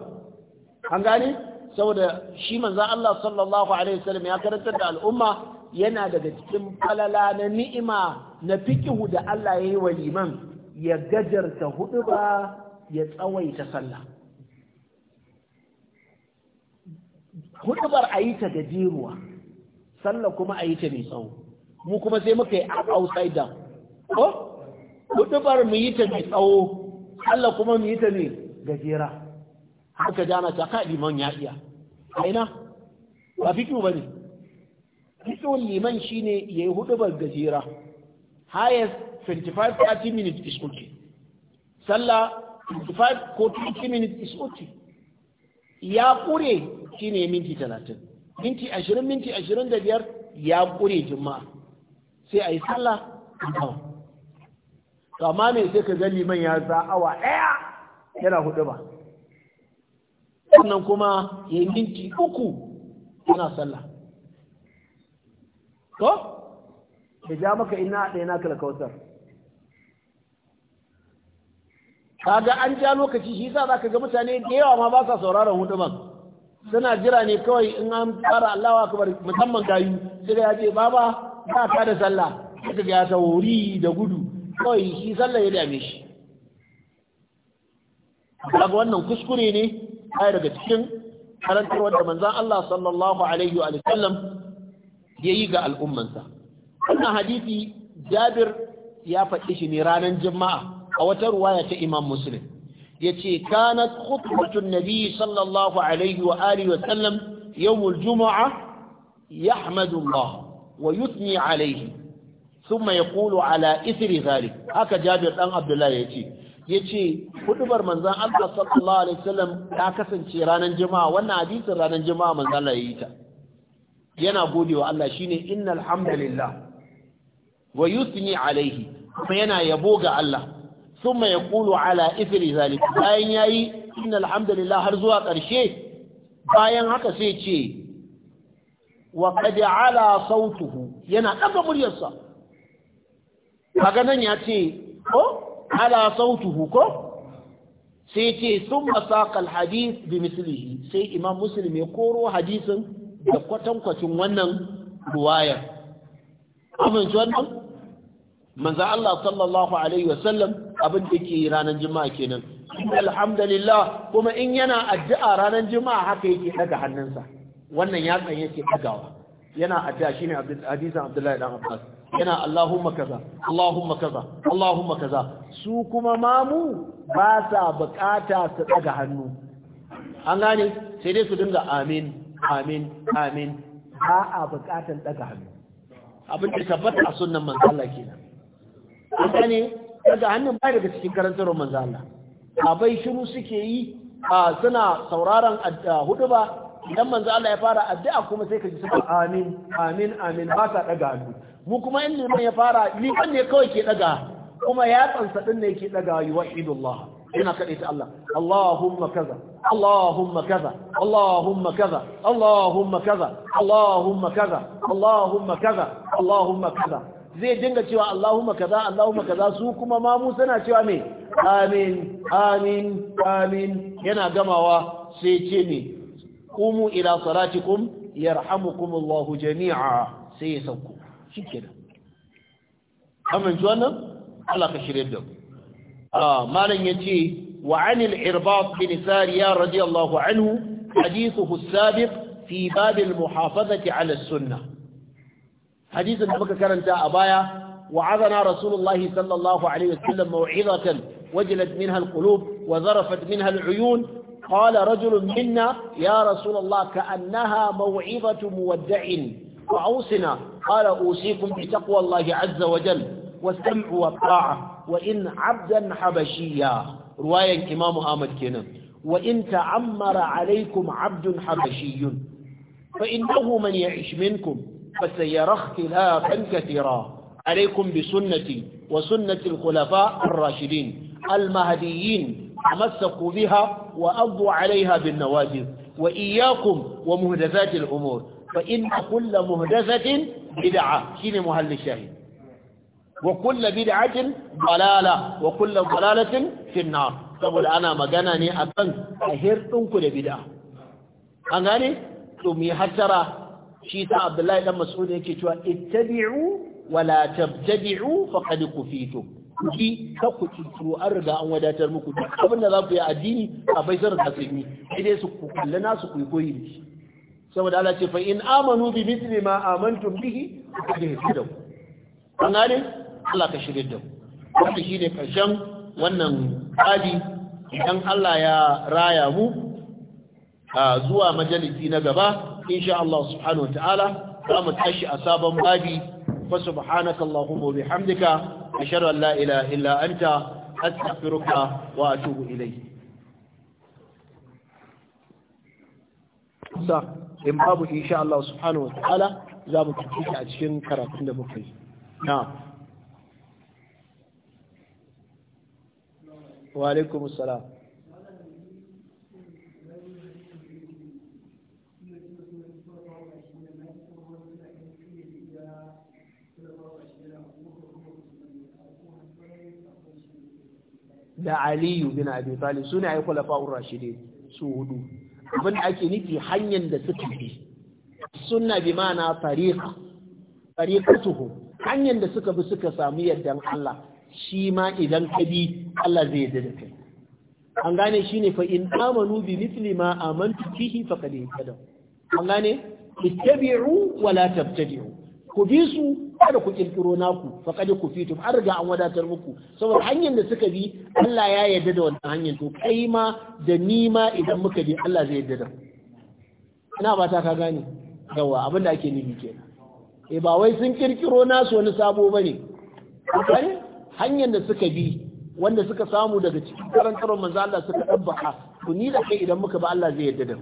an gane saboda shi manzan Allah sallallahu alaihi wasallam ya karantar da al'umma yana daga cikin falala na ni'ima na fikihu da Allah ya yi wa liman ya gajarta huduba ya tsawaita sallah hudubar a yi ta gajeruwa sallah kuma a yi ta mai tsawo mu kuma sai muka yi outside down hudubar mu yi ta mai tsawo Allah kuma mu yi ta ne gajera haka jana ta ka liman ya iya aina ba fi fikiyu ba ne fikiyun liman shi ne ya yi hudubar gajera highest 25-30 minutes is okay sallah 25 ko 20 minutes is okay ya kure ne minti 30 minti 20 minti 25 ya kure juma'a sai a yi sallah a kawai to amma me sai ka gani man ya za awa ɗaya yana hudu ba sannan kuma ya minti uku yana sallah to ya ja maka ina ɗaya na kalkautar kaga an ja lokaci shi za ka ga mutane da yawa ma ba sa sauraron hudu ban suna jira ne kawai in an fara Allahu akbar musamman gayu sai ya ce baba ba ka da sallah kaga ta wuri da gudu kawai shi sallah ya dame shi daga wannan kuskure ne ai daga cikin karantarwar da manzon Allah sallallahu alaihi wa sallam ga al'ummansa wannan hadisi jabir ya faɗi shi ne ranar juma'a a wata ruwaya ta imam muslim ya ce kanat khutbatun nabi sallallahu alaihi wa alihi wa sallam yawmul juma'a yahmadullah wa yuthni alaihi mai kulu ala ithri zalik haka Jabir ɗan Abdullah yace yace hudubar manzon Allah sallallahu alaihi wasallam ta kasance ranar jima'a. wannan hadisin ranar jima'a manzan Allah yayi ta yana godewa Allah shine inna alhamdulillah. wa yuthni alaihi kuma yana yabo ga Allah mai kulu ala ithri zalik bayan yayi inna alhamdulillah har zuwa ƙarshe bayan haka sai ce wa qad ala sautuhu yana daga muryarsa kaga ya ce ko ala sautuhu ko sai ce sun masakal hadis bi mislihi sai imam muslim ya koro hadisin da kwatankwacin wannan ruwaya amince wannan manzo Allah sallallahu alaihi wasallam abin da ke ranar juma'a kenan alhamdulillah kuma in yana addu'a ranar juma'a haka yake daga hannunsa wannan yatsan yake dagawa yana addu'a shine hadisin Abdullahi dan Abbas yana Allahumma kaza Allahumma kaza Allahumma kaza su kuma mamu ba sa bukata su daga hannu an gane sai dai su dinga amin amin amin ba a bukatan daga hannu abin da tabbata a sunnan manzo Allah kenan an gane daga hannun ba daga cikin karantar manzo Allah abai shiru suke yi suna sauraron hudu ba idan manzo Allah ya fara addu'a kuma sai ka ji suna amin amin amin ba sa daga hannu mu kuma in liman ya fara liman ne kawai ke daga kuma ya tsansa din ne ke daga yuwahidullah ina kaɗe ta Allah Allahumma kaza Allahumma kaza Allahumma kaza Allahumma kaza Allahumma kaza Allahumma kaza Allahumma kaza zai dinga cewa Allahumma kaza Allahumma kaza su kuma ma mu suna cewa me amin amin amin yana gamawa sai ce ne qumu ila salatikum yarhamukumullahu jami'a sai ya sauko shikenan ji wannan Allah ka shirye da ah malam yace wa anil irbat bin sariya radiyallahu anhu hadithuhu sabiq fi bab al-muhafazati ala as-sunnah hadithin da muka karanta a baya وعظنا رسول الله صلى الله عليه وسلم موعظة وجلت منها القلوب وذرفت منها العيون قال رجل منا يا رسول الله كأنها موعظة مودع وأوصنا قال أوصيكم بتقوى الله عز وجل والسمع والطاعة وإن عبدا حبشيا رواية إمام أحمد كنا وإن تعمر عليكم عبد حبشي فإنه من يعيش منكم فسيرى اختلافا كثيرا عليكم بسنتي وسنة الخلفاء الراشدين المهديين tamassaku biha wa addu alaiha bin nawajib wa iyyakum wa muhdathatil umur fa kula kulla muhdathatin bid'a shine muhalli shahid wa kulla bid'atin dalala wa kulla dalalatin fin saboda ana magana ne akan ahir ɗinku da bid'a an gane to mu hattara shi ta Abdullahi dan Mas'ud yake cewa ittabi'u wa fa tabtadi'u faqad fito. ku ka ku tsoro an riga an wadatar muku duk abin da za ku yi addini a bai sarar da sun yi sai dai su ku kalla nasu ku koyi ne saboda Allah ce fa in amanu bi mithli ma amantum bihi da ku. an gane Allah ka shirye da ku wannan shine karshen wannan hadi idan Allah ya raya mu a zuwa majalisi na gaba insha Allah subhanahu wa ta'ala za mu tashi a sabon babi wa subhanaka allahumma bihamdika ashhadu an la ilaha illa anta astaghfiruka wa sa in babu insha Allah subhanahu wa ta'ala za mu tafi a cikin karatun da muka yi na wa alaikum assalam da aliyu bin abi talib su ne a yi kwalafa'ur rashidin su hudu abin da ake nufi hanyar da suka bi suna bi mana tariqa tariqatuhu hanyar da suka bi suka samu yardan Allah shi ma idan ka bi Allah zai yarda da kai an gane shine fa in amanu bi mithli ma amantu bihi faqad ihtadaw an gane ittabi'u wa la tabtadi'u ku bi su kada ku kirkiro naku ku fito an riga an wadatar muku saboda hanyar da suka bi Allah ya yarda da wannan hanyar to kai ma da ni ma idan muka bi Allah zai yarda da ina ba ta ka gane yawa abin da ake nufi kenan eh ba wai sun kirkiro nasu wani sabo bane kai hanyar da suka bi wanda suka samu daga cikin karantar manzo Allah suka dabbaka ku ni da kai idan muka bi Allah zai yarda da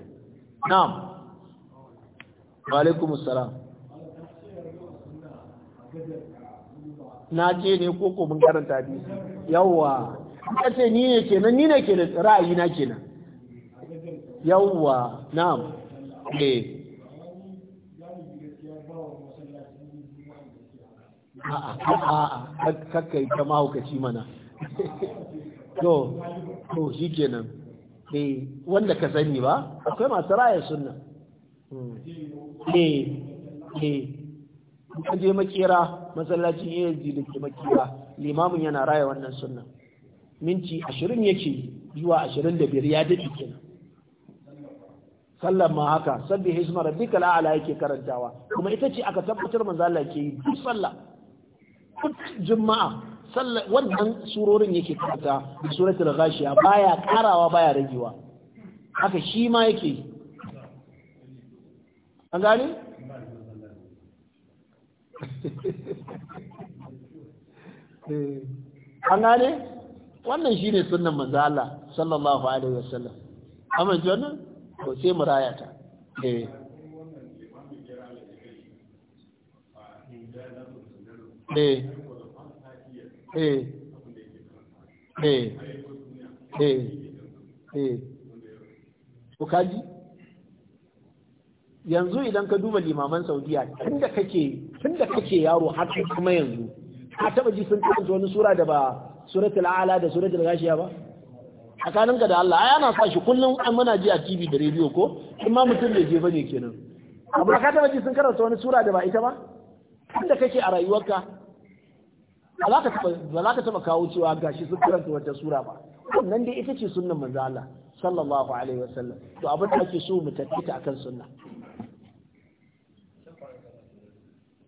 na'am wa alaikumus salam na ce ne ko ko mun karanta bi yawwa ka ce ni ne kenan ni ne kenan ra'ayi na kenan yawwa na'am eh a'a a'a kakkai ta mahaukaci mana to to shi kenan ne eh, wanda ka sani ba akwai masu ra'ayin sunna ne hmm. eh, ne eh. an je makera masallacin ASD da ke makera limamin yana raya wannan sunna minti ashirin yake zuwa ashirin da biyar ya daɗi kenan sallar ma haka sabbi hizma rabbika la'ala yake karantawa kuma ita ce aka tabbatar manzo Allah ke yi duk sallah duk juma'a sallah wannan surorin yake karanta da suratul ghashiya baya karawa baya ragewa haka shi ma yake an gane Eh, an gane wannan shi ne sunan manzo sallallahu alaihi wasallam amma jona to sai mu raya ta eh, eh. eh. kaji yanzu idan ka duba limaman saudiya tunda kake tun da kake yaro har kuma yanzu ka taba ji sun karanta wani sura da ba suratul a'la da suratul ghashiya ba tsakaninka da Allah ai ana sa shi kullum an muna ji a TV da rediyo ko in ma mutum bai je bane kenan abu ka taba ji sun karanta wani sura da ba ita ba tun da kake a rayuwarka ba za ka taba kawo cewa gashi sun karanta wata sura ba wannan dai ita ce sunnan manzo Allah sallallahu alaihi wasallam to abin da ake so mu tafi ta akan sunna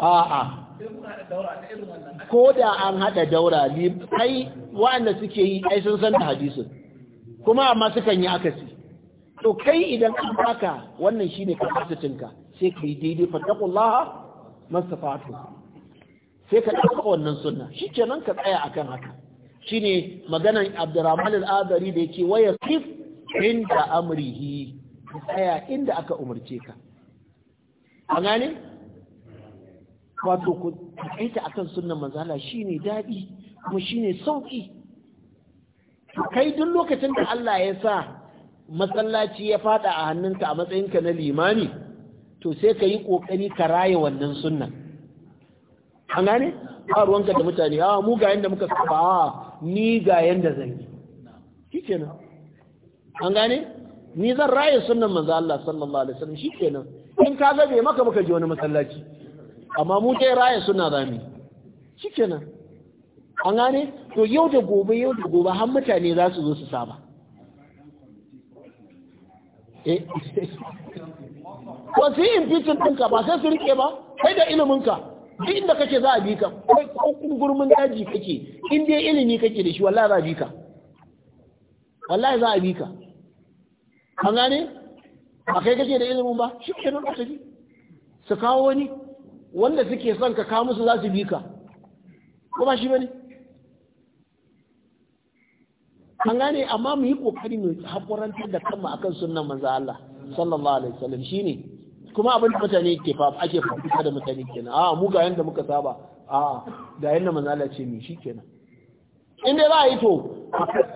a'a ko da an haɗa daura ne kai waɗanda suke yi ai sun san da hadisin kuma amma sukan yi akasi to kai idan an baka wannan shine kapasitinka sai ka yi daidai fattakullaha mastafatu sai ka ɗauka wannan sunna shi kenan ka tsaya akan haka shine maganan Abdurrahman al-Adari da yake waya sif inda amrihi tsaya inda aka umarce ka an wato ku taƙaita akan sunnan manzo Allah shine daɗi kuma shine sauƙi kai duk lokacin da Allah ya sa masallaci ya fada a hannunka a matsayinka na limani, to sai ka yi ƙoƙari ka raye wannan sunnan an gane a ruwanka da mutane a ah, mu ga yadda muka saba a ah, ni ga yadda zan yi na. an gane ni zan raye sunnan manzo Allah sallallahu alaihi wasallam kenan in ka zabe maka muka je wani masallaci amma mu dai raya suna rami nan an gane to yau da gobe yau da gobe har mutane za su zo su saba eh. ko su yi fitin ɗinka ba sai su rike ba kai da iliminka duk inda kake za a bi ka kai ko gurmin daji kake in dai ilimi kake da shi wallahi za a bi ka wallahi za a bi ka an gane ba kai kake da ilimin ba shi kenan ka tafi su kawo wani wanda suke son ka kawo musu za su bi ka kuma shi ne? an gane amma mu yi kokari mu haƙurantar da kanmu akan sunan manzo Allah sallallahu alaihi wasallam shine kuma abin da mutane ke fa ake fafita da mutane kenan a mu ga yanda muka saba a ga yanda manzo Allah ce mi shikenan in dai za a yi to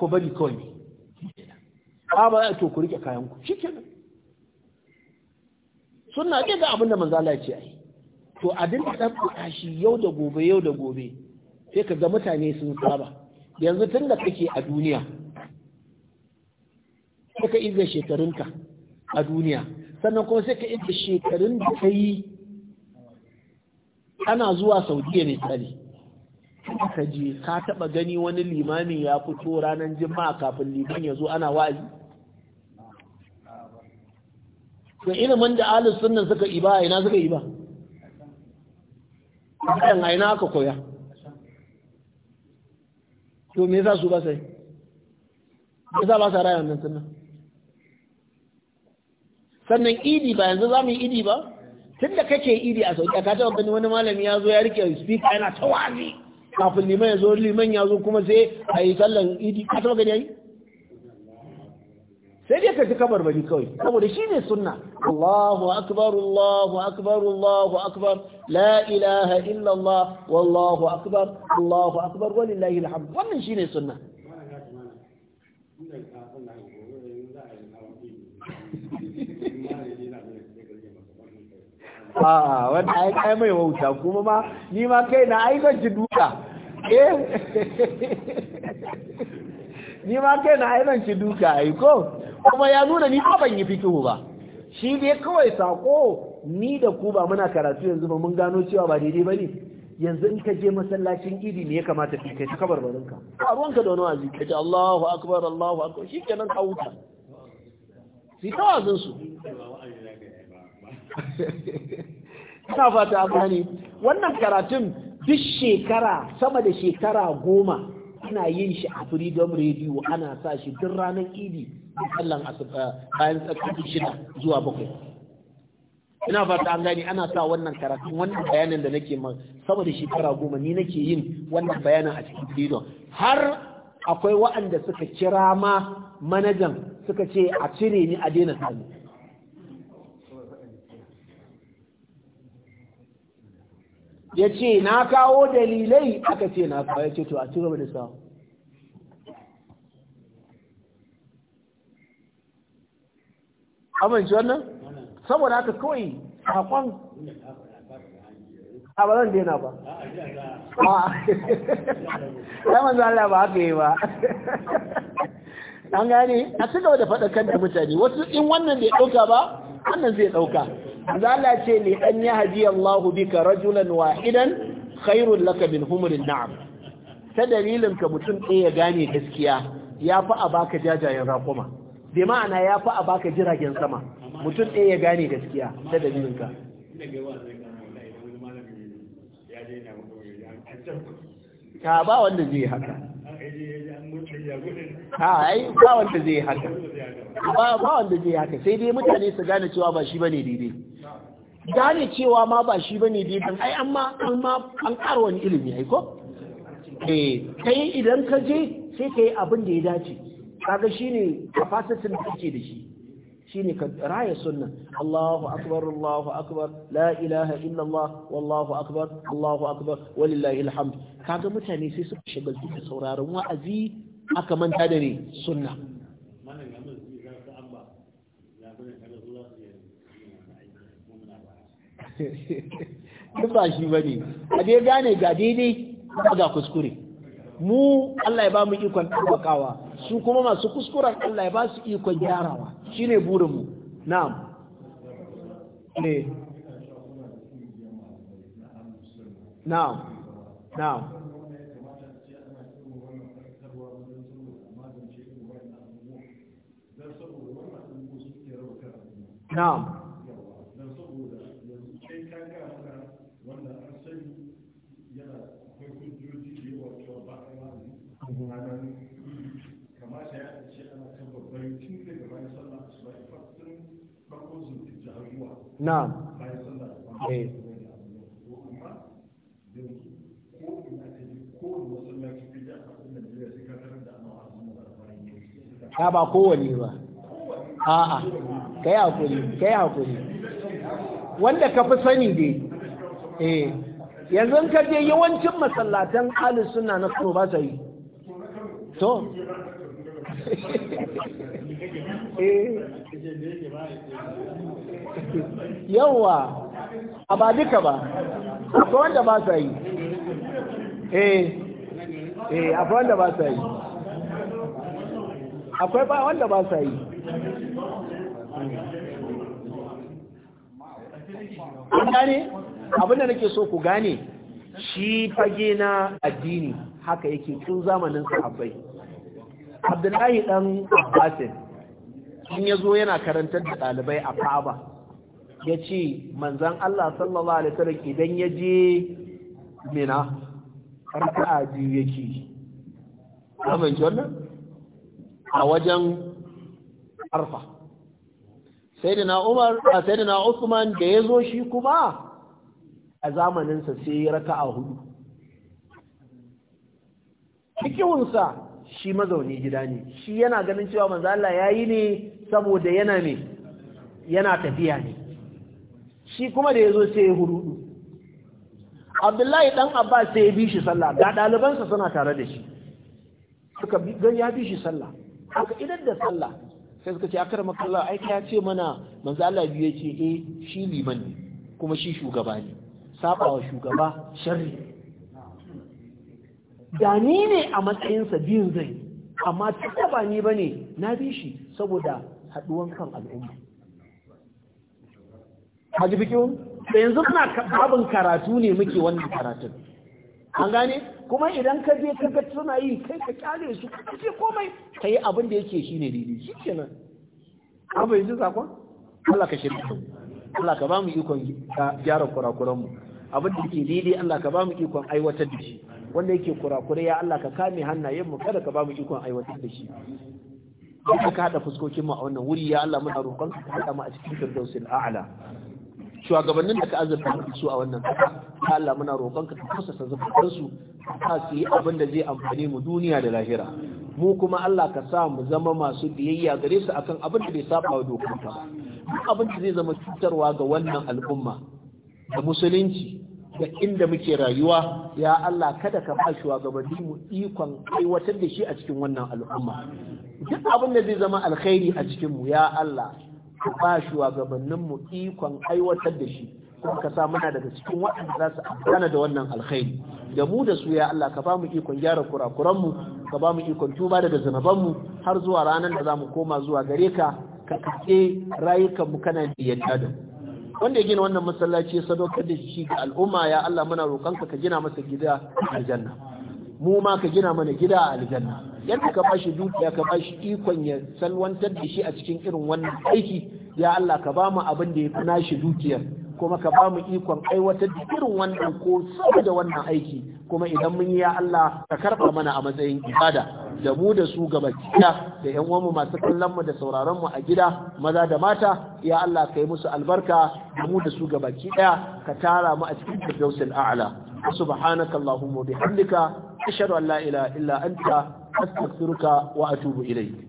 ku bari kawai a ba a to ku rike kayan ku shikenan sunna ke da abin da manzo Allah ya ce ai to abin da ɗan shi yau da gobe yau da gobe sai ka ga mutane sun saba yanzu tun da kake a duniya sai ka shekarun shekarunka a duniya sannan kuma sai ka iza shekarun da ka yi ana zuwa saudiya tsari ka je ka taɓa gani wani limami ya fito ranar jima'a kafin liman ya zo ana wa'azi to ilimin da alis sunan suka iba ina suka iba ɗan aina aka koya to me yasa su ba sai me yasa ba sa raya wannan sunna sannan idi ba yanzu za mu yi idi ba tun da kake idi a sauƙi ka taɓa gani wani malami ya zo ya rike speaker yana tawazi kafin liman ya zo liman ya zo kuma sai a yi sallan idi ka taɓa gani yi sai dai ka ji bari kawai saboda shi ne sunna Allahu akbar Allahu akbar Allahu akbar la ilaha illa Allah wallahu akbar Allahu akbar walillahi alhamd wannan shi ne sunna a'a wanda ai kai mai wauta kuma ma ni ma kai na ai ban duka eh ni ma kai na ai ban duka ai ko kuma ya nuna ni ban yi fikihu ba shi dai kawai sako ni da ku ba muna karatu yanzu ba mun gano cewa ba daidai bane yanzu in ka je masallacin idi ne ya kamata ka kai kabar barinka a ruwanka da wani wazi ka ce Allahu akbar Allahu akbar kenan ka wuta sai ta wazin su ina fata gane wannan karatun duk shekara sama da shekara goma ana yin shi a freedom radio ana sa shi duk ranar idi sallan bayan tsakanin shida zuwa bakwai ina fata an gani ana sa wannan karatun wannan bayanin da nake ma saboda shekara goma ni nake yin wannan bayanan a cikin freedom har akwai waɗanda suka kira ma manajan suka ce a cire ni a daina samu ya ce na kawo dalilai aka ce na kawo ya ce to a ci gaba da sa amince wannan saboda aka kawai sakon a ba zan dena ba ya a Allah ba haka yi ba an gane a ci gaba da faɗakar da mutane wasu in wannan ya ɗauka ba wannan zai ɗauka Allah ce li an yahdi Allah bika rajulan wahidan khairul laka min humrin na'am ta dalilin ka mutum ɗaya ya gane gaskiya yafi a baka jajayen raƙuma. bi ma'ana yafi a baka jiragen sama mutum ɗaya ya gane gaskiya ta dalilin ka ka ba wanda zai haka ha ai ba wanda zai haka ba wanda zai haka sai dai mutane su gane cewa ba shi bane daidai gane cewa ma ba shi bane daidan ai amma an ma an ƙara wani ilimi ai ko eh kai idan ka je sai ka yi abin da ya dace kaga shine capacity da kake da shi shine ka raya sunna Allahu akbar Allahu akbar la ilaha illa Allah wallahu akbar Allahu akbar walillahi alhamd kaga mutane sai suka shagaltu sauraron wa'azi aka manta da ne sunna duk ba shi ne a dai gane ga daidai ba ga kuskure mu Allah ya ba mu ikon ɗaukawa su kuma masu kuskuren Allah ya ba su ikon gyarawa shine burin mu na'am ne eh. na'am na'am na'am na'am eh. ya ba kowane ba a'a kai hakuri kai hakuri wanda ka fi sani dai eh yanzu ka je yawancin masallatan ahlus sunna na Kano ba sa yi to eh yawa a ba duka ba akwai wanda ba sa yi eh eh akwai wanda ba sa yi akwai ba wanda ba sa yi an gane abinda nake so ku gane shi fage na addini haka yake tun zamanin sahabbai abdullahi dan abbasin in ya zo yana karantar da ɗalibai a ka'aba ya ce manzan Allah sallallahu alaihi wasallam idan ya je mina a biyu yake kamar wannan a wajen arfa sai da na a sai da na usman da ya zo shi kuma a zamaninsa sai raka a hudu cikinsa shi mazauni gida ne shi yana ganin cewa Manzala ya yi ne saboda yana ne yana tafiya ne shi kuma da ya zo sai ya hurudu abdullahi ɗan Abba sai ya bi shi sallah ga ɗalibansa suna tare da shi suka gan ya bi shi sallah aka idan da sallah sai suka ce akar makalla ai ya ce mana manzo Allah biyu e eh shi liman ne kuma shi shugaba ne sabawa shugaba sharri da ni ne a matsayinsa biyun zai amma tun ba ni bane na bi shi saboda haɗuwan kan al'umma haji fikiyo da yanzu kana babin karatu ne muke wannan karatun an gane kuma idan ka je kaga suna yi kai ka kyale su ka ce komai ka yi abin da yake shi ne daidai shi nan abu yanzu zakon Allah ka shirya Allah ka ba mu ikon gyara kurakuranmu abin da yake daidai Allah ka ba mu ikon aiwatar da shi wanda yake kurakure ya Allah ka kame hannayenmu kada ka ba mu ikon aiwatar da shi ka haɗa fuskokinmu a wannan wuri ya Allah muna roƙon ka haɗa mu a cikin firdausil a'la shugabannin da ka azurta su a wannan kasa ta Allah muna roƙonka ka kusa zafafin su ta su yi abin da zai amfani mu duniya da lahira mu kuma Allah ka sa mu zama masu biyayya gare su akan abin da bai saba wa ka ba duk abin da zai zama cutarwa ga wannan al'umma da musulunci da inda muke rayuwa ya Allah kada ka ba shugabanni mu ikon aiwatar da shi a cikin wannan al'umma duk abin da zai zama alkhairi a cikin mu ya Allah ka ba shugabanninmu ikon aiwatar da shi kuma ka sa muna daga cikin waɗanda za su amfana da wannan alkhairi da mu da su ya Allah ka ba mu ikon gyara kurakuranmu ka ba mu ikon tuba daga mu, har zuwa ranar da za mu koma zuwa gare ka ka kace rayukanmu kana da yadda da wanda ya gina wannan masallaci ya sadaukar da shi ga al'umma ya Allah muna roƙonka ka gina masa gida a aljanna mu ma ka gina mana gida a aljanna yadda ka bashi dukiya ka bashi ikon ya salwantar da shi a cikin irin wannan aiki ya Allah ka ba mu abin da ya fi nashi dukiyar kuma ka ba mu ikon aiwatar da irin wannan ko sama da wannan aiki kuma idan mun yi ya Allah ka karɓa mana a matsayin ibada da mu da su gaba gida da yan uwanmu masu kallon mu da sauraron mu a gida maza da mata ya Allah kai musu albarka da mu da su gaba ɗaya ka tara mu a cikin firdausul a'la subhanaka allahumma bihamdika ashhadu an la ilaha illa anta astaghfiruka wa atubu ilayk